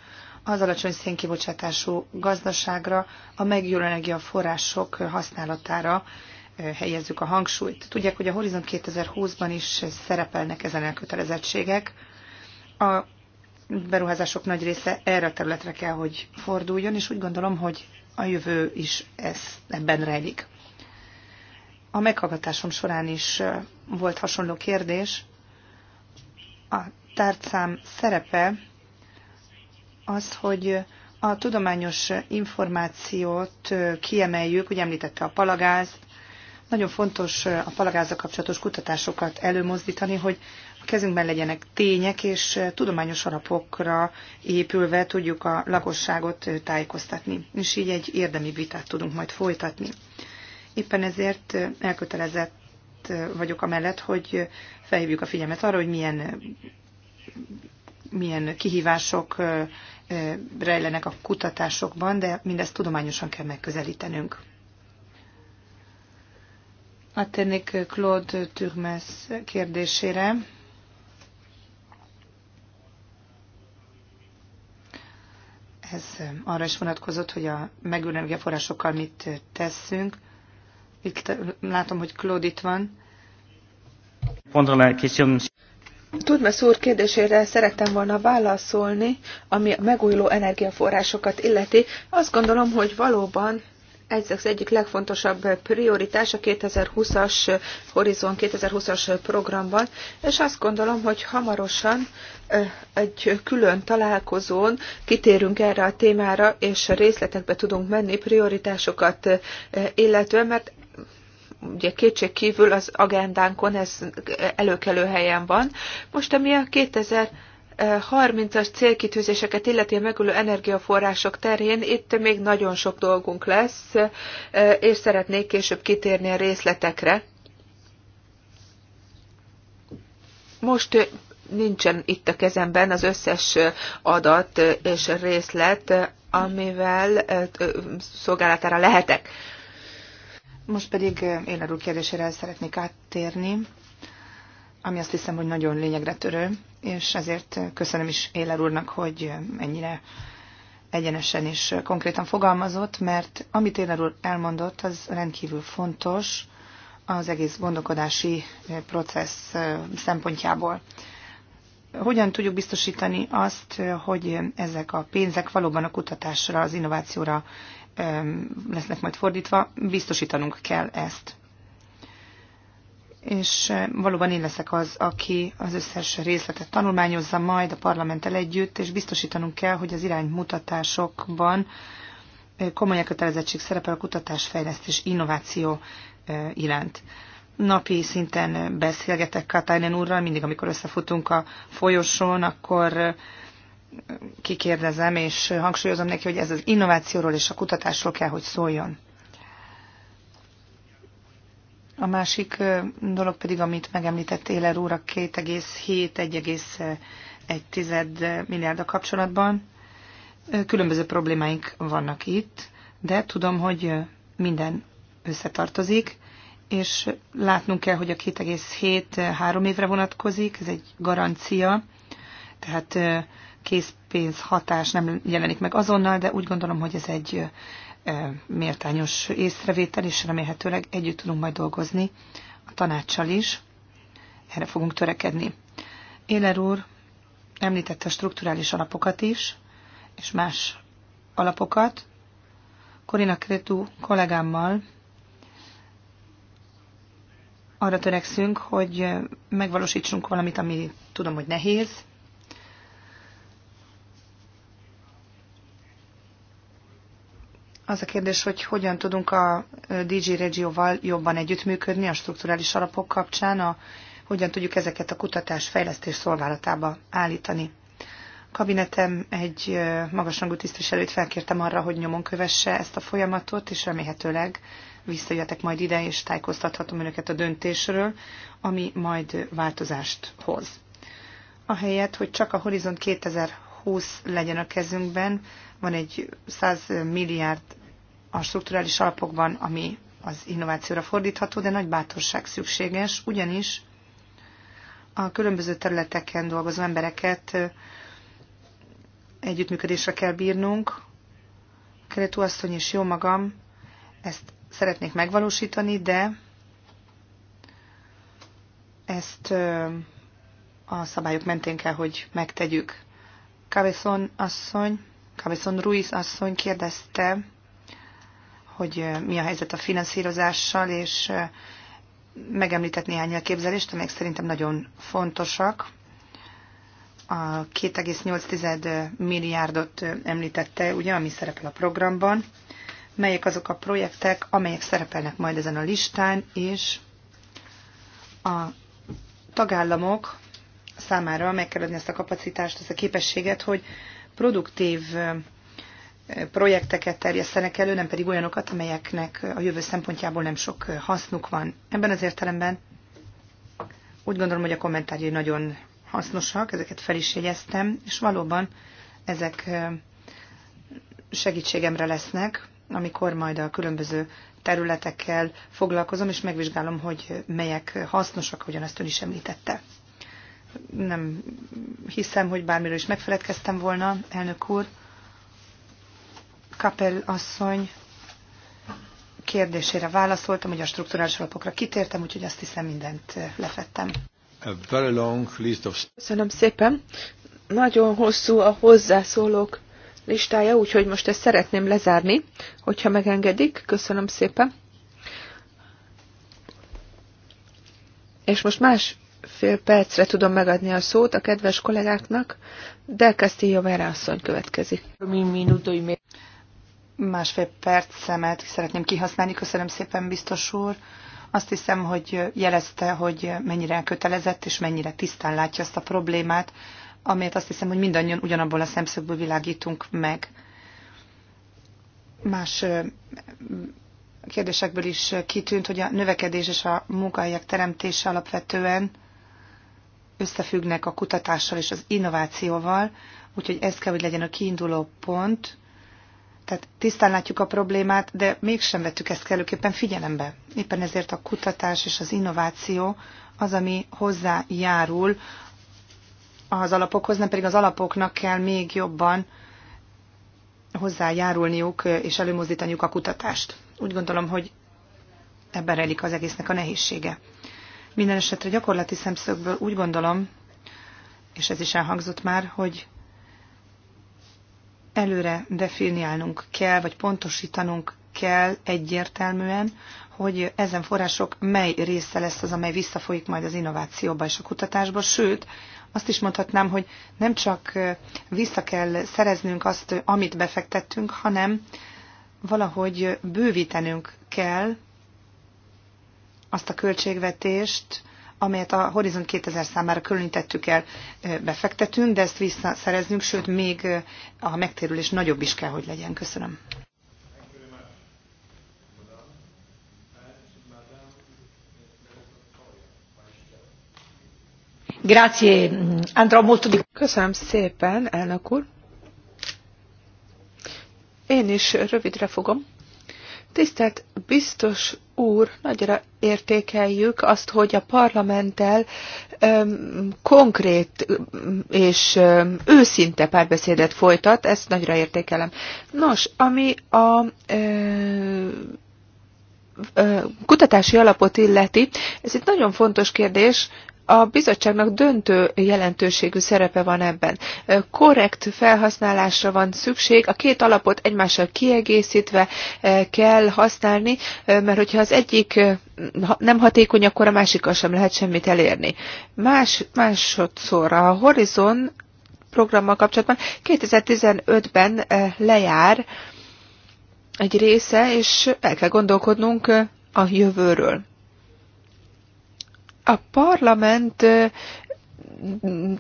az alacsony szénkibocsátású gazdaságra, a megújuló energiaforrások használatára helyezzük a hangsúlyt. Tudják, hogy a Horizont 2020-ban is szerepelnek ezen elkötelezettségek. A beruházások nagy része erre a területre kell, hogy forduljon, és úgy gondolom, hogy a jövő is ez, ebben rejlik. A meghallgatásom során is volt hasonló kérdés. A tárcám szerepe az, hogy a tudományos információt kiemeljük, ugye említette a palagáz? nagyon fontos a palagázzal kapcsolatos kutatásokat előmozdítani, hogy kezünkben legyenek tények, és tudományos alapokra épülve tudjuk a lakosságot tájékoztatni, és így egy érdemi vitát tudunk majd folytatni. Éppen ezért elkötelezett vagyok amellett, hogy felhívjuk a figyelmet arra, hogy milyen, milyen kihívások rejlenek a kutatásokban, de mindezt tudományosan kell megközelítenünk. Áttérnék Claude Turmes kérdésére ez arra is vonatkozott, hogy a megújuló energiaforrásokkal mit tesszünk. Itt látom, hogy Claude itt van. Tudna szúr kérdésére szerettem volna válaszolni, ami a megújuló energiaforrásokat illeti. Azt gondolom, hogy valóban ez az egyik legfontosabb prioritás a 2020-as Horizon 2020-as programban, és azt gondolom, hogy hamarosan egy külön találkozón kitérünk erre a témára, és részletekbe tudunk menni prioritásokat illetően, mert ugye kétség kívül az agendánkon ez előkelő helyen van. Most ami a 2000 30-as célkitűzéseket illeti a megülő energiaforrások terén itt még nagyon sok dolgunk lesz, és szeretnék később kitérni a részletekre. Most nincsen itt a kezemben az összes adat és részlet, amivel szolgálatára lehetek. Most pedig én a kérdésére szeretnék áttérni, ami azt hiszem, hogy nagyon lényegre törő és ezért köszönöm is Éler úrnak, hogy ennyire egyenesen és konkrétan fogalmazott, mert amit Éler úr elmondott, az rendkívül fontos az egész gondolkodási processz szempontjából. Hogyan tudjuk biztosítani azt, hogy ezek a pénzek valóban a kutatásra, az innovációra lesznek majd fordítva, biztosítanunk kell ezt és eh, valóban én leszek az, aki az összes részletet tanulmányozza majd a parlamenttel együtt, és biztosítanunk kell, hogy az iránymutatásokban eh, komoly kötelezettség szerepel a kutatás, fejlesztés, innováció eh, iránt. Napi szinten beszélgetek Katainen úrral, mindig amikor összefutunk a folyosón, akkor kikérdezem, és hangsúlyozom neki, hogy ez az innovációról és a kutatásról kell, hogy szóljon. A másik dolog pedig, amit megemlített Éler úr a 2,7-1,1 milliárd a kapcsolatban. Különböző problémáink vannak itt, de tudom, hogy minden összetartozik, és látnunk kell, hogy a 2,7 három évre vonatkozik, ez egy garancia, tehát készpénz hatás nem jelenik meg azonnal, de úgy gondolom, hogy ez egy méltányos észrevétel, és remélhetőleg együtt tudunk majd dolgozni a tanácssal is. Erre fogunk törekedni. Éler úr említette a strukturális alapokat is, és más alapokat. Korina Kretu kollégámmal arra törekszünk, hogy megvalósítsunk valamit, ami tudom, hogy nehéz, Az a kérdés, hogy hogyan tudunk a DG Regióval jobban együttműködni a strukturális alapok kapcsán, a, hogyan tudjuk ezeket a kutatás fejlesztés szolgálatába állítani. A kabinetem egy magasrangú tisztviselőt felkértem arra, hogy nyomon kövesse ezt a folyamatot, és remélhetőleg visszajöhetek majd ide, és tájékoztathatom önöket a döntésről, ami majd változást hoz. Ahelyett, hogy csak a Horizont 2020 legyen a kezünkben, van egy 100 milliárd a strukturális alapokban, ami az innovációra fordítható, de nagy bátorság szükséges, ugyanis a különböző területeken dolgozó embereket együttműködésre kell bírnunk. Keretú asszony és jó magam, ezt szeretnék megvalósítani, de ezt a szabályok mentén kell, hogy megtegyük. Cabezon asszony, Cabezon Ruiz asszony kérdezte, hogy mi a helyzet a finanszírozással, és megemlített néhány elképzelést, amelyek szerintem nagyon fontosak. A 2,8 milliárdot említette, ugye, ami szerepel a programban. Melyek azok a projektek, amelyek szerepelnek majd ezen a listán, és a tagállamok számára meg kell adni ezt a kapacitást, ezt a képességet, hogy produktív projekteket terjesztenek elő, nem pedig olyanokat, amelyeknek a jövő szempontjából nem sok hasznuk van. Ebben az értelemben úgy gondolom, hogy a kommentárjai nagyon hasznosak, ezeket fel is jegyeztem, és valóban ezek segítségemre lesznek, amikor majd a különböző területekkel foglalkozom, és megvizsgálom, hogy melyek hasznosak, ahogyan ezt ön is említette. Nem hiszem, hogy bármiről is megfeledkeztem volna, elnök úr. Kapel asszony kérdésére válaszoltam, hogy a struktúrális alapokra kitértem, úgyhogy azt hiszem mindent eh, lefettem. A very long list of... Köszönöm szépen. Nagyon hosszú a hozzászólók listája, úgyhogy most ezt szeretném lezárni, hogyha megengedik. Köszönöm szépen. És most más fél percre tudom megadni a szót a kedves kollégáknak, de Castillo Vera asszony következik másfél szemet szeretném kihasználni. Köszönöm szépen, biztos úr. Azt hiszem, hogy jelezte, hogy mennyire elkötelezett és mennyire tisztán látja azt a problémát, amelyet azt hiszem, hogy mindannyian ugyanabból a szemszögből világítunk meg. Más kérdésekből is kitűnt, hogy a növekedés és a munkahelyek teremtése alapvetően összefüggnek a kutatással és az innovációval, úgyhogy ez kell, hogy legyen a kiinduló pont, tehát tisztán látjuk a problémát, de mégsem vettük ezt kellőképpen figyelembe. Éppen ezért a kutatás és az innováció az, ami hozzájárul az alapokhoz, nem pedig az alapoknak kell még jobban hozzájárulniuk és előmozdítaniuk a kutatást. Úgy gondolom, hogy ebben rejlik az egésznek a nehézsége. Minden esetre gyakorlati szemszögből úgy gondolom, és ez is elhangzott már, hogy előre definiálnunk kell, vagy pontosítanunk kell egyértelműen, hogy ezen források mely része lesz az, amely visszafolyik majd az innovációba és a kutatásba, sőt, azt is mondhatnám, hogy nem csak vissza kell szereznünk azt, amit befektettünk, hanem valahogy bővítenünk kell azt a költségvetést, amelyet a horizont 2000 számára különítettük el, befektetünk, de ezt visszaszereznünk, sőt, még a megtérülés nagyobb is kell, hogy legyen. Köszönöm. Grazie, andrò molto di... Köszönöm szépen, elnök úr. Én is rövidre fogom. Tisztelt biztos úr, nagyra értékeljük azt, hogy a parlamenttel öm, konkrét és öm, őszinte párbeszédet folytat, ezt nagyra értékelem. Nos, ami a öm, kutatási alapot illeti, ez egy nagyon fontos kérdés, a bizottságnak döntő jelentőségű szerepe van ebben. Korrekt felhasználásra van szükség, a két alapot egymással kiegészítve kell használni, mert hogyha az egyik nem hatékony, akkor a másikkal sem lehet semmit elérni. Más, másodszor a Horizon programmal kapcsolatban 2015-ben lejár egy része, és el kell gondolkodnunk a jövőről. A parlament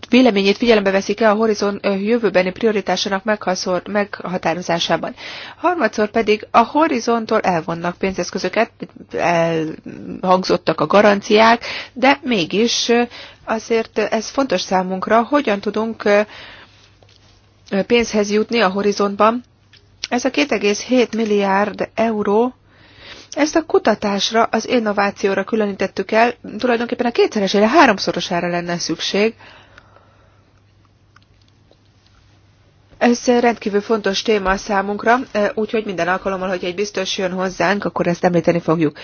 véleményét figyelembe veszik el a Horizon jövőbeni prioritásának meghatározásában. Harmadszor pedig a Horizontól elvonnak pénzeszközöket, elhangzottak a garanciák, de mégis azért ez fontos számunkra, hogyan tudunk pénzhez jutni a Horizontban. Ez a 2,7 milliárd euró ezt a kutatásra, az innovációra különítettük el, tulajdonképpen a kétszeresére, háromszorosára lenne szükség. Ez rendkívül fontos téma a számunkra, e, úgyhogy minden alkalommal, hogy egy biztos jön hozzánk, akkor ezt említeni fogjuk.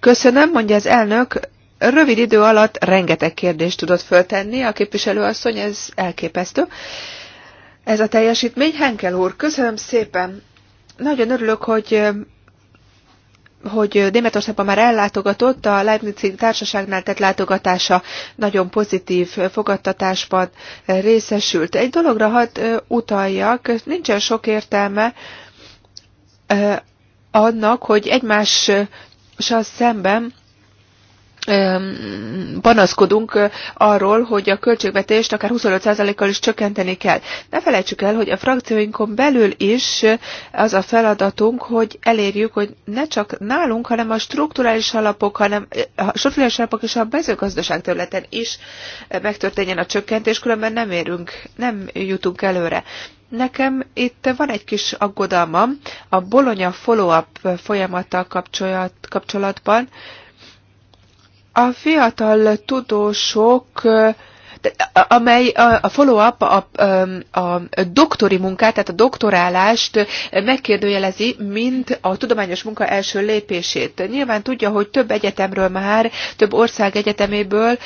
Köszönöm, mondja az elnök, rövid idő alatt rengeteg kérdést tudott föltenni a képviselőasszony, ez elképesztő. Ez a teljesítmény, Henkel úr, köszönöm szépen. Nagyon örülök, hogy hogy Németországban már ellátogatott, a Leibnizi társaságnál tett látogatása nagyon pozitív fogadtatásban részesült. Egy dologra hadd utaljak, nincsen sok értelme annak, hogy egymással szemben panaszkodunk arról, hogy a költségvetést akár 25%-kal is csökkenteni kell. Ne felejtsük el, hogy a frakcióinkon belül is az a feladatunk, hogy elérjük, hogy ne csak nálunk, hanem a strukturális alapok, hanem a strukturális alapok és a mezőgazdaság területen is megtörténjen a csökkentés, különben nem érünk, nem jutunk előre. Nekem itt van egy kis aggodalmam a Bologna follow-up folyamattal kapcsolatban, a fiatal tudósok amely a follow-up a, a, a doktori munkát, tehát a doktorálást megkérdőjelezi, mint a tudományos munka első lépését. Nyilván tudja, hogy több egyetemről már, több ország egyeteméből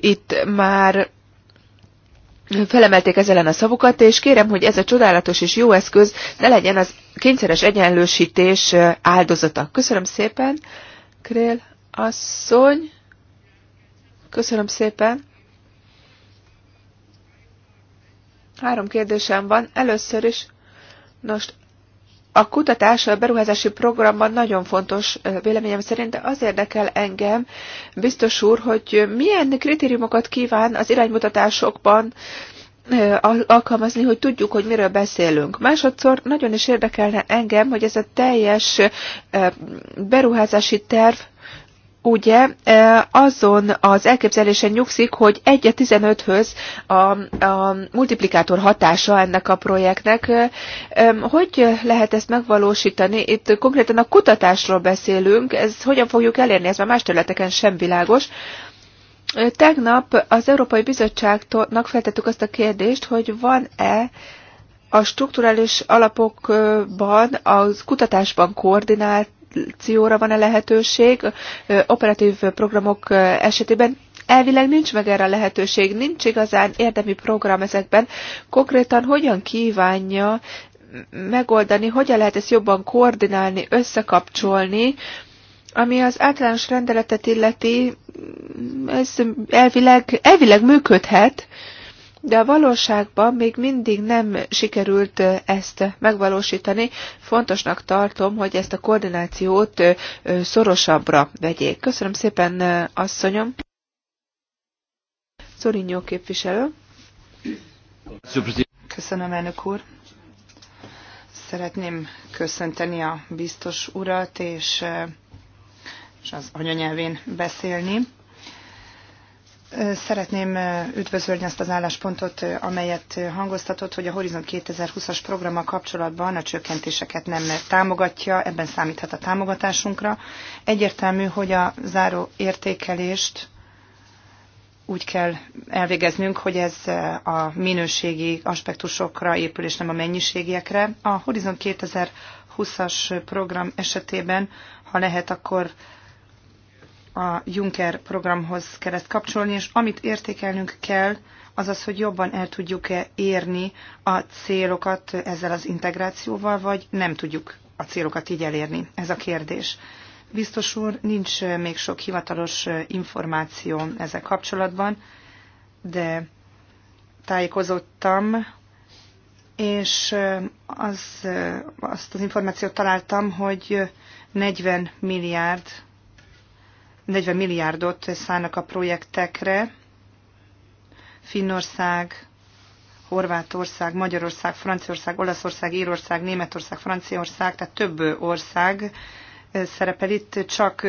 itt már felemelték ezzel a szavukat, és kérem, hogy ez a csodálatos és jó eszköz ne legyen az kényszeres egyenlősítés áldozata. Köszönöm szépen, Krél asszony. Köszönöm szépen. Három kérdésem van. Először is, nos, a kutatás a beruházási programban nagyon fontos véleményem szerint, de az érdekel engem, biztos úr, hogy milyen kritériumokat kíván az iránymutatásokban alkalmazni, hogy tudjuk, hogy miről beszélünk. Másodszor nagyon is érdekelne engem, hogy ez a teljes beruházási terv ugye e, azon az elképzelésen nyugszik, hogy 1 15-höz a, a multiplikátor hatása ennek a projektnek. E, e, hogy lehet ezt megvalósítani? Itt konkrétan a kutatásról beszélünk, ez hogyan fogjuk elérni, ez már más területeken sem világos. Tegnap az Európai Bizottságnak feltettük azt a kérdést, hogy van-e a strukturális alapokban, a kutatásban koordinált koordinációra van-e lehetőség operatív programok esetében? Elvileg nincs meg erre a lehetőség, nincs igazán érdemi program ezekben. Konkrétan hogyan kívánja megoldani, hogyan lehet ezt jobban koordinálni, összekapcsolni, ami az általános rendeletet illeti, ez elvileg, elvileg működhet, de a valóságban még mindig nem sikerült ezt megvalósítani. Fontosnak tartom, hogy ezt a koordinációt szorosabbra vegyék. Köszönöm szépen, asszonyom. Szorinyó képviselő. Köszönöm, elnök úr. Szeretném köszönteni a biztos urat, és, és az anyanyelvén beszélni. Szeretném üdvözölni azt az álláspontot, amelyet hangoztatott, hogy a Horizon 2020-as programmal kapcsolatban a csökkentéseket nem támogatja, ebben számíthat a támogatásunkra. Egyértelmű, hogy a záró értékelést úgy kell elvégeznünk, hogy ez a minőségi aspektusokra épül, és nem a mennyiségiekre. A Horizon 2020-as program esetében, ha lehet, akkor a Juncker programhoz kellett kapcsolni, és amit értékelnünk kell, az az, hogy jobban el tudjuk-e érni a célokat ezzel az integrációval, vagy nem tudjuk a célokat így elérni. Ez a kérdés. Biztos úr, nincs még sok hivatalos információ ezzel kapcsolatban, de tájékozottam, és az, azt az információt találtam, hogy 40 milliárd 40 milliárdot szállnak a projektekre. Finnország, Horvátország, Magyarország, Franciaország, Olaszország, Írország, Németország, Franciaország, tehát több ország szerepel itt, csak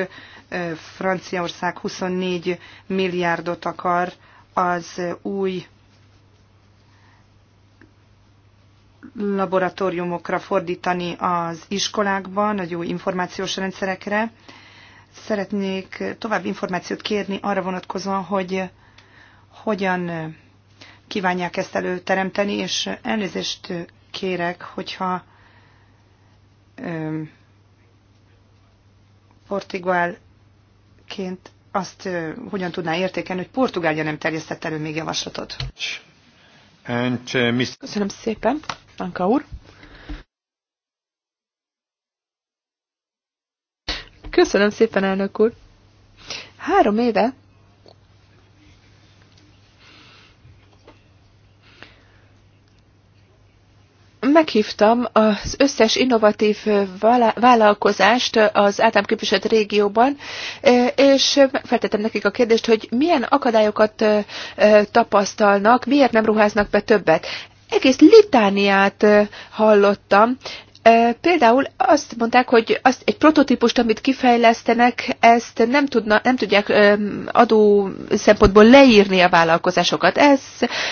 Franciaország 24 milliárdot akar az új laboratóriumokra fordítani az iskolákban, a jó információs rendszerekre, Szeretnék tovább információt kérni arra vonatkozóan, hogy hogyan kívánják ezt előteremteni, és elnézést kérek, hogyha portugálként azt hogyan tudná értékelni, hogy Portugália nem terjesztett elő még javaslatot. Uh, Köszönöm szépen, Anka úr. Köszönöm szépen, elnök úr. Három éve meghívtam az összes innovatív vállalkozást az általám képviselt régióban, e, és feltettem nekik a kérdést, hogy milyen akadályokat e, e, tapasztalnak, miért nem ruháznak be többet. Egész litániát hallottam Például azt mondták, hogy azt, egy prototípust, amit kifejlesztenek, ezt nem, tudna, nem tudják adó szempontból leírni a vállalkozásokat. Ez,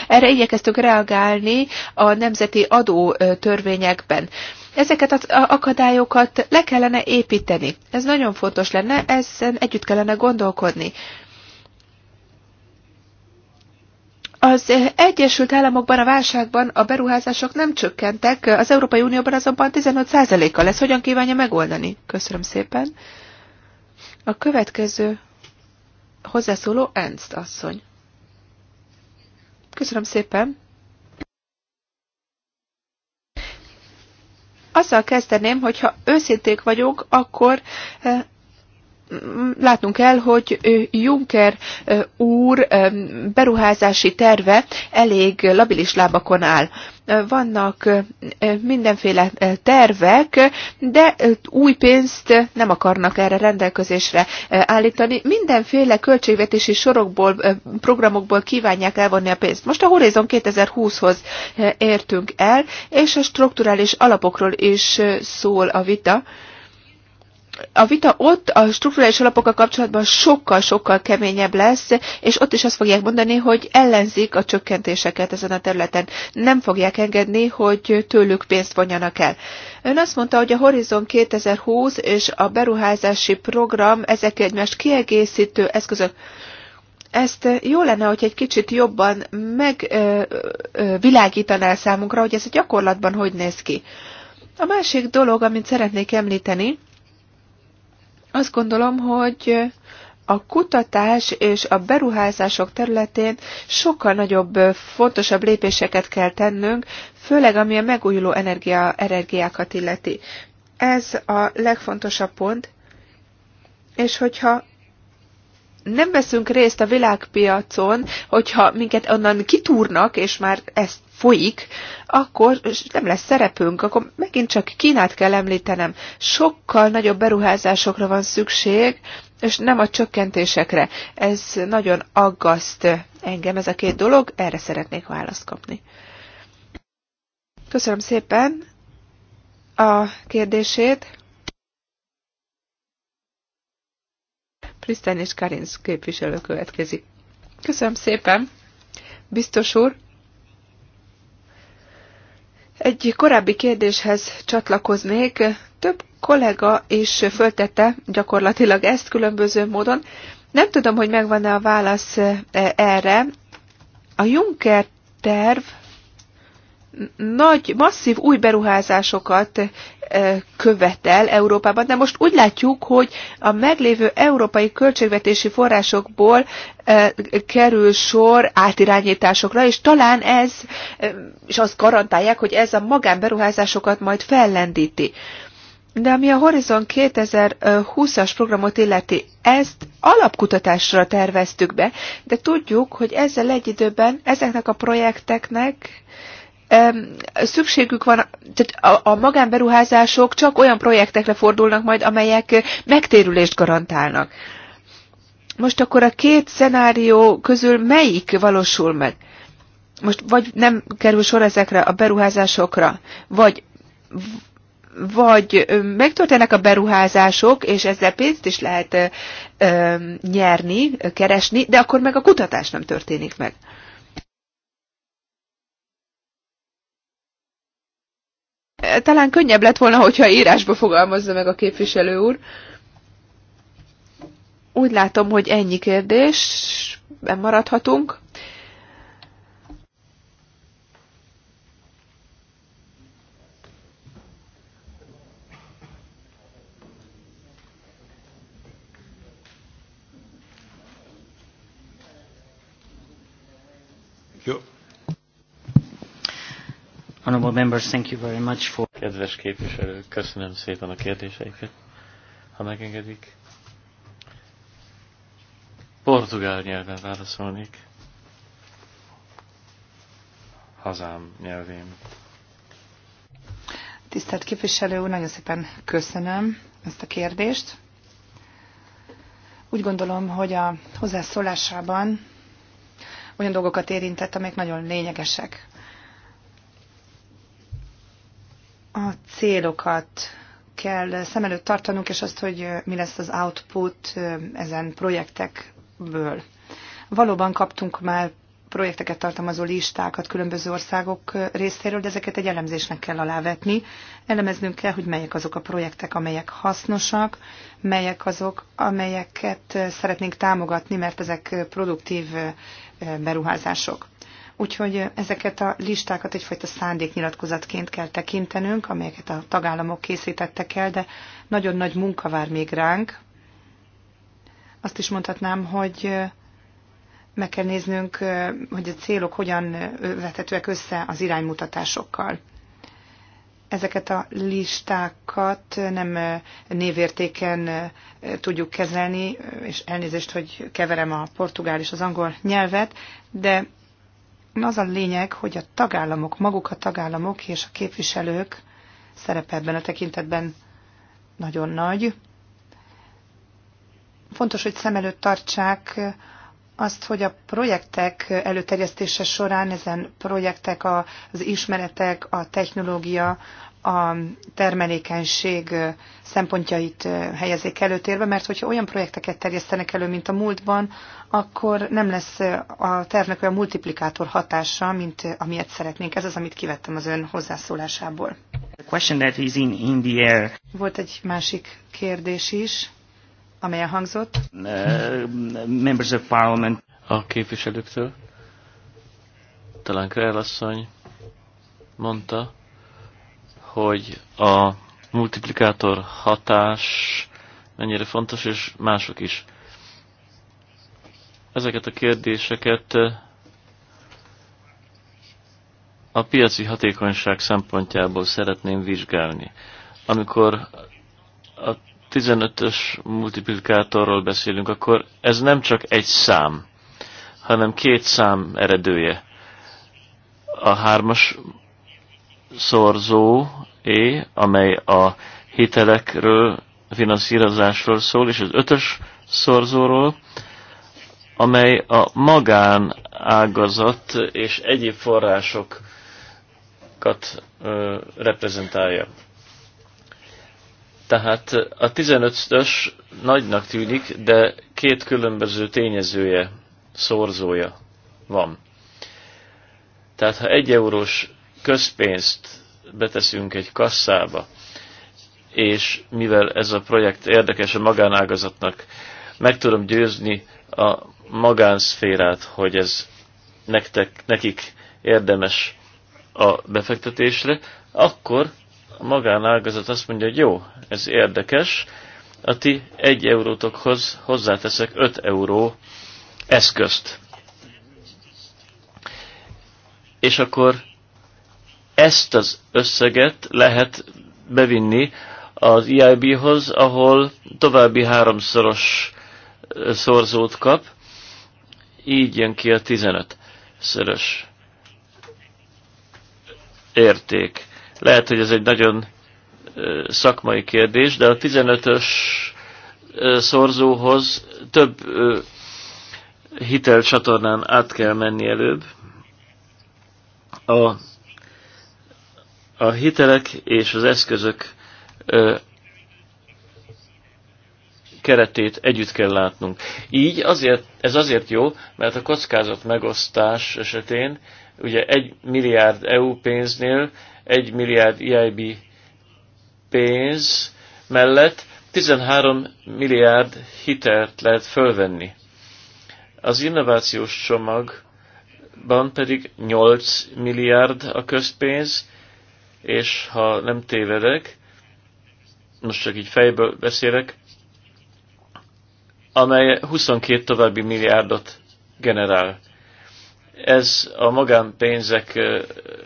erre igyekeztünk reagálni a nemzeti adó törvényekben. Ezeket az akadályokat le kellene építeni. Ez nagyon fontos lenne, ezen együtt kellene gondolkodni. Az Egyesült Államokban a válságban a beruházások nem csökkentek, az Európai Unióban azonban 15%-a lesz. Hogyan kívánja megoldani? Köszönöm szépen. A következő hozzászóló Ernst asszony. Köszönöm szépen. Azzal kezdeném, hogyha őszinték vagyunk, akkor eh, látnunk kell, hogy Juncker úr beruházási terve elég labilis lábakon áll. Vannak mindenféle tervek, de új pénzt nem akarnak erre rendelkezésre állítani. Mindenféle költségvetési sorokból, programokból kívánják elvonni a pénzt. Most a Horizon 2020-hoz értünk el, és a strukturális alapokról is szól a vita a vita ott a strukturális alapokkal kapcsolatban sokkal-sokkal keményebb lesz, és ott is azt fogják mondani, hogy ellenzik a csökkentéseket ezen a területen. Nem fogják engedni, hogy tőlük pénzt vonjanak el. Ön azt mondta, hogy a Horizon 2020 és a beruházási program ezek egymást kiegészítő eszközök. Ezt jó lenne, hogy egy kicsit jobban megvilágítaná számunkra, hogy ez a gyakorlatban hogy néz ki. A másik dolog, amit szeretnék említeni, azt gondolom, hogy a kutatás és a beruházások területén sokkal nagyobb, fontosabb lépéseket kell tennünk, főleg ami a megújuló energia, energiákat illeti. Ez a legfontosabb pont, és hogyha nem veszünk részt a világpiacon, hogyha minket onnan kitúrnak, és már ezt folyik, akkor nem lesz szerepünk, akkor megint csak Kínát kell említenem. Sokkal nagyobb beruházásokra van szükség, és nem a csökkentésekre. Ez nagyon aggaszt engem ez a két dolog, erre szeretnék választ kapni. Köszönöm szépen a kérdését. Krisztán és Karinz képviselő következik. Köszönöm szépen, biztos úr! Egy korábbi kérdéshez csatlakoznék. Több kollega is föltette gyakorlatilag ezt különböző módon. Nem tudom, hogy megvan-e a válasz e, erre. A Juncker terv nagy, masszív új beruházásokat követel Európában, de most úgy látjuk, hogy a meglévő európai költségvetési forrásokból kerül sor átirányításokra, és talán ez, és azt garantálják, hogy ez a magánberuházásokat majd fellendíti. De ami a Horizon 2020-as programot illeti, ezt alapkutatásra terveztük be, de tudjuk, hogy ezzel egy időben ezeknek a projekteknek szükségük van, tehát a, a magánberuházások csak olyan projektekre fordulnak majd, amelyek megtérülést garantálnak. Most akkor a két szenárió közül melyik valósul meg? Most vagy nem kerül sor ezekre a beruházásokra, vagy vagy megtörténnek a beruházások, és ezzel pénzt is lehet ö, nyerni, keresni, de akkor meg a kutatás nem történik meg. Talán könnyebb lett volna, hogyha írásba fogalmazza meg a képviselő úr. Úgy látom, hogy ennyi kérdés, maradhatunk. Honorable members, thank you very much for... Kedves képviselő, köszönöm szépen a kérdéseiket, ha megengedik. Portugál nyelven válaszolnék. Hazám nyelvén. Tisztelt képviselő úr, nagyon szépen köszönöm ezt a kérdést. Úgy gondolom, hogy a hozzászólásában olyan dolgokat érintett, amelyek nagyon lényegesek célokat kell szem előtt tartanunk, és azt, hogy mi lesz az output ezen projektekből. Valóban kaptunk már projekteket tartalmazó listákat különböző országok részéről, de ezeket egy elemzésnek kell alávetni. Elemeznünk kell, hogy melyek azok a projektek, amelyek hasznosak, melyek azok, amelyeket szeretnénk támogatni, mert ezek produktív beruházások. Úgyhogy ezeket a listákat egyfajta szándéknyilatkozatként kell tekintenünk, amelyeket a tagállamok készítettek el, de nagyon nagy munka vár még ránk. Azt is mondhatnám, hogy meg kell néznünk, hogy a célok hogyan vethetőek össze az iránymutatásokkal ezeket a listákat nem névértéken tudjuk kezelni, és elnézést, hogy keverem a portugál és az angol nyelvet, de az a lényeg, hogy a tagállamok, maguk a tagállamok és a képviselők szerepe ebben a tekintetben nagyon nagy. Fontos, hogy szem előtt tartsák azt, hogy a projektek előterjesztése során ezen projektek, az ismeretek, a technológia, a termelékenység szempontjait helyezik előtérbe, mert hogyha olyan projekteket terjesztenek elő, mint a múltban, akkor nem lesz a tervnek olyan multiplikátor hatása, mint amilyet szeretnénk. Ez az, amit kivettem az ön hozzászólásából. Volt egy másik kérdés is, amely hangzott. members of Parliament. A képviselőktől. Talán Krell mondta, hogy a multiplikátor hatás mennyire fontos, és mások is. Ezeket a kérdéseket eh, a piaci hatékonyság szempontjából szeretném vizsgálni. Amikor a 15-ös multiplikátorról beszélünk, akkor ez nem csak egy szám, hanem két szám eredője. A hármas szorzó é, amely a hitelekről, finanszírozásról szól, és az ötös szorzóról, amely a magán ágazat és egyéb forrásokat ö, reprezentálja. Tehát a 15-ös nagynak tűnik, de két különböző tényezője, szorzója van. Tehát ha egy eurós közpénzt beteszünk egy kasszába, és mivel ez a projekt érdekes a magánágazatnak, meg tudom győzni a magánszférát, hogy ez nektek, nekik érdemes a befektetésre, akkor a magánágazat azt mondja, hogy jó, ez érdekes, a ti egy eurótokhoz hozzáteszek 5 euró eszközt. És akkor ezt az összeget lehet bevinni az EIB-hoz, ahol további háromszoros szorzót kap, így jön ki a 15-szörös érték. Lehet, hogy ez egy nagyon szakmai kérdés, de a 15-ös szorzóhoz több hitelcsatornán át kell menni előbb. A a hitelek és az eszközök ö, keretét együtt kell látnunk. Így azért, ez azért jó, mert a kockázat megosztás esetén ugye egy milliárd EU pénznél egy milliárd EIB pénz mellett 13 milliárd hitelt lehet fölvenni. Az innovációs csomagban pedig 8 milliárd a közpénz, és ha nem tévedek, most csak így fejből beszélek, amely 22 további milliárdot generál. Ez a magánpénzek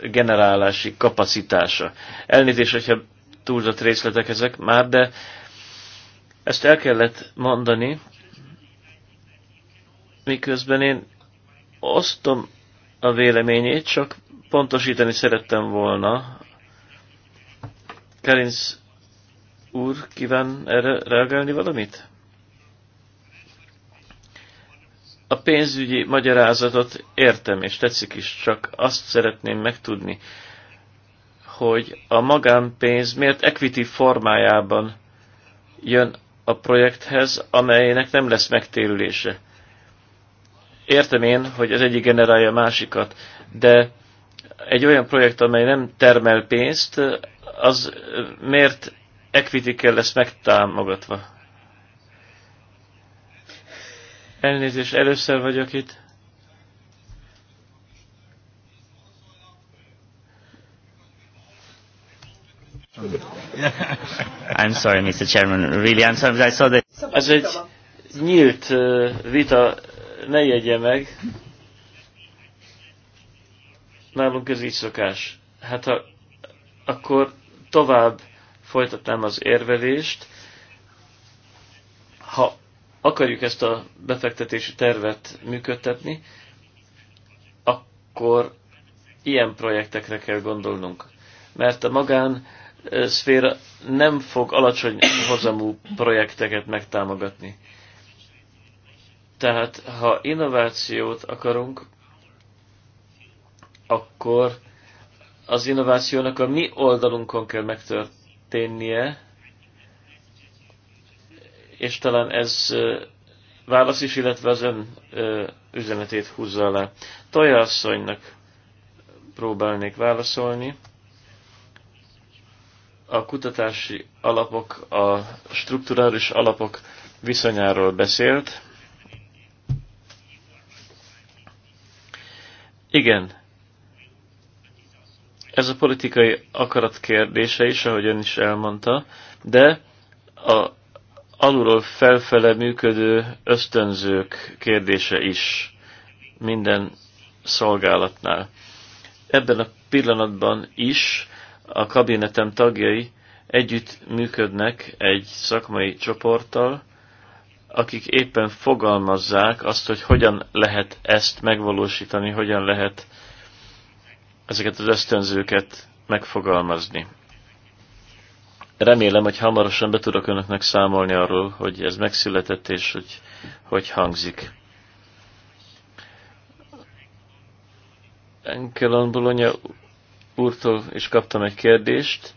generálási kapacitása. Elnézést, hogyha túlzott részletek ezek már, de ezt el kellett mondani, miközben én osztom a véleményét, csak pontosítani szerettem volna Kerinc úr kíván erre reagálni valamit? A pénzügyi magyarázatot értem, és tetszik is, csak azt szeretném megtudni, hogy a magánpénz miért equity formájában jön a projekthez, amelynek nem lesz megtérülése. Értem én, hogy az egyik generálja a másikat, de egy olyan projekt, amely nem termel pénzt, az miért equity lesz megtámogatva? Elnézést, először vagyok itt. I'm sorry, Mr. Chairman, really, I'm sorry, I saw that... Ez egy nyílt vita, ne jegye meg. Nálunk ez így szokás. Hát ha, akkor tovább folytatnám az érvelést. Ha akarjuk ezt a befektetési tervet működtetni, akkor ilyen projektekre kell gondolnunk. Mert a magán szféra nem fog alacsony hozamú projekteket megtámogatni. Tehát, ha innovációt akarunk, akkor az innovációnak a mi oldalunkon kell megtörténnie, és talán ez válasz is, illetve az ön üzenetét húzza alá. Tolja asszonynak próbálnék válaszolni. A kutatási alapok, a strukturális alapok viszonyáról beszélt. Igen, ez a politikai akarat kérdése is, ahogy ön is elmondta, de a alulról felfele működő ösztönzők kérdése is minden szolgálatnál. Ebben a pillanatban is a kabinetem tagjai együtt működnek egy szakmai csoporttal, akik éppen fogalmazzák azt, hogy hogyan lehet ezt megvalósítani, hogyan lehet ezeket az ösztönzőket megfogalmazni. Remélem, hogy hamarosan be tudok önöknek számolni arról, hogy ez megszületett és hogy, hogy hangzik. Enkelon Bologna úrtól is kaptam egy kérdést.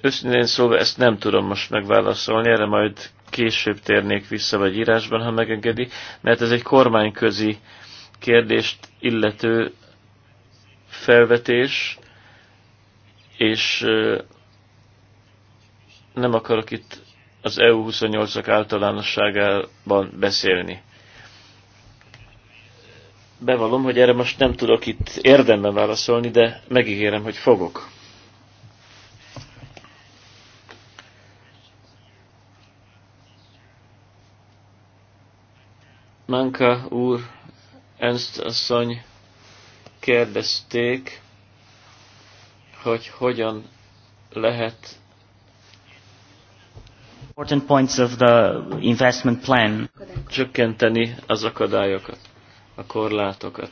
Őszintén szóval ezt nem tudom most megválaszolni, erre majd később térnék vissza, vagy írásban, ha megengedi, mert ez egy kormányközi kérdést illető felvetés, és nem akarok itt az EU28-ak általánosságában beszélni. Bevallom, hogy erre most nem tudok itt érdemben válaszolni, de megígérem, hogy fogok. Manka úr, Ernst asszony, kérdezték, hogy hogyan lehet important points of the investment plan. Csökkenteni az akadályokat, a korlátokat.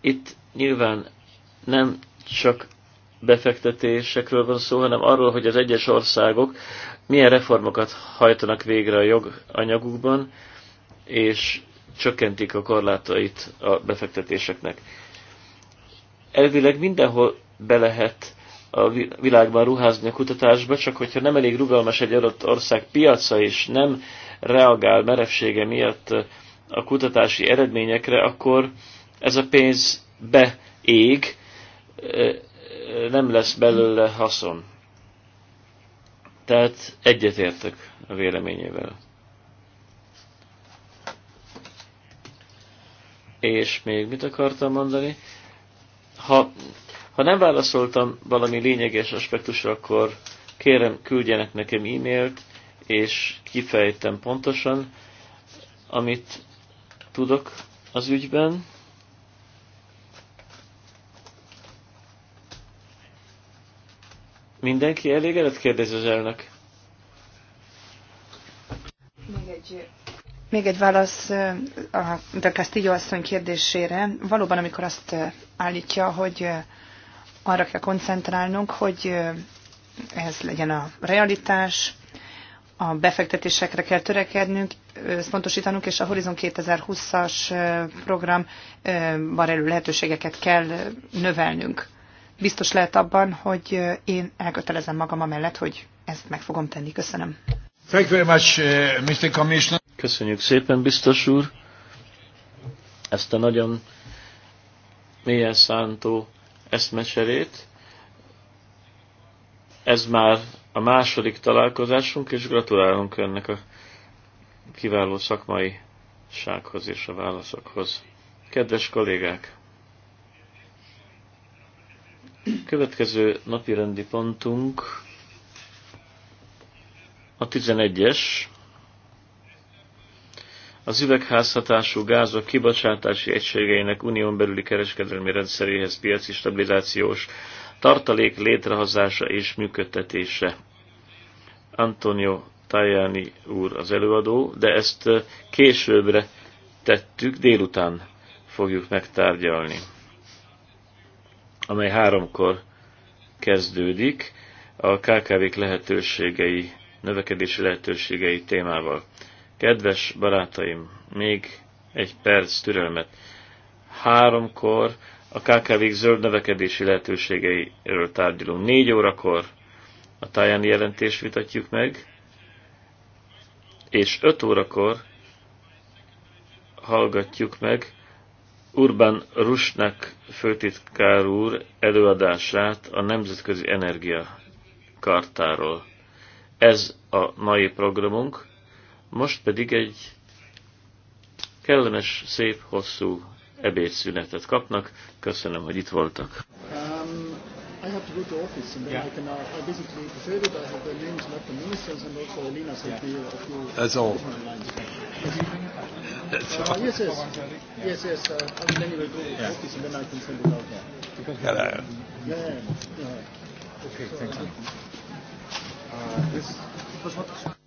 Itt nyilván nem csak befektetésekről van szó, hanem arról, hogy az egyes országok milyen reformokat hajtanak végre a joganyagukban, és csökkentik a korlátait a befektetéseknek. Elvileg mindenhol be lehet a világban ruházni a kutatásba, csak hogyha nem elég rugalmas egy adott ország piaca, és nem reagál merevsége miatt a kutatási eredményekre, akkor ez a pénz beég, nem lesz belőle haszon. Tehát egyetértek a véleményével. És még mit akartam mondani? Ha, ha nem válaszoltam valami lényeges aspektusra, akkor kérem küldjenek nekem e-mailt, és kifejtem pontosan, amit tudok az ügyben. Mindenki elégedett? Kérdezi az elnök. Még egy még egy válasz a de Castillo asszony kérdésére. Valóban, amikor azt állítja, hogy arra kell koncentrálnunk, hogy ez legyen a realitás, a befektetésekre kell törekednünk, összpontosítanunk, és a Horizon 2020-as program barelő lehetőségeket kell növelnünk. Biztos lehet abban, hogy én elkötelezem magam amellett, hogy ezt meg fogom tenni. Köszönöm. Thank you very much, uh, Mr. Commissioner. Köszönjük szépen, biztos úr, ezt a nagyon mélyen szántó eszmeserét. Ez már a második találkozásunk, és gratulálunk önnek a kiváló szakmai sághoz és a válaszokhoz. Kedves kollégák! Következő napi rendi pontunk a 11-es, az üvegházhatású gázok kibocsátási egységeinek unión belüli kereskedelmi rendszeréhez piaci stabilizációs tartalék létrehozása és működtetése. Antonio Tajani úr az előadó, de ezt későbbre tettük, délután fogjuk megtárgyalni, amely háromkor kezdődik a KKV-k lehetőségei, növekedési lehetőségei témával. Kedves barátaim, még egy perc türelmet. Háromkor a kkv zöld növekedési lehetőségeiről tárgyalunk. Négy órakor a tájáni jelentést vitatjuk meg, és öt órakor hallgatjuk meg Urban Rusnak főtitkár úr előadását a Nemzetközi Energia Kartáról. Ez a mai programunk. Most pedig egy kellemes, szép, hosszú ebédszünetet kapnak. Köszönöm, hogy itt voltak. Um, I have to go to office and then yeah. I can uh, I basically prepared it. I have the names of the ministers and also the Linas yeah. of a few. That's all. Lines. That's uh, all. Yes, yes, yes, yes. Uh, I will anyway go to yeah. office and then I can send it out. Yeah. Hello. Yeah, yeah, yeah. Okay, so, thank you. Uh, uh, this was what.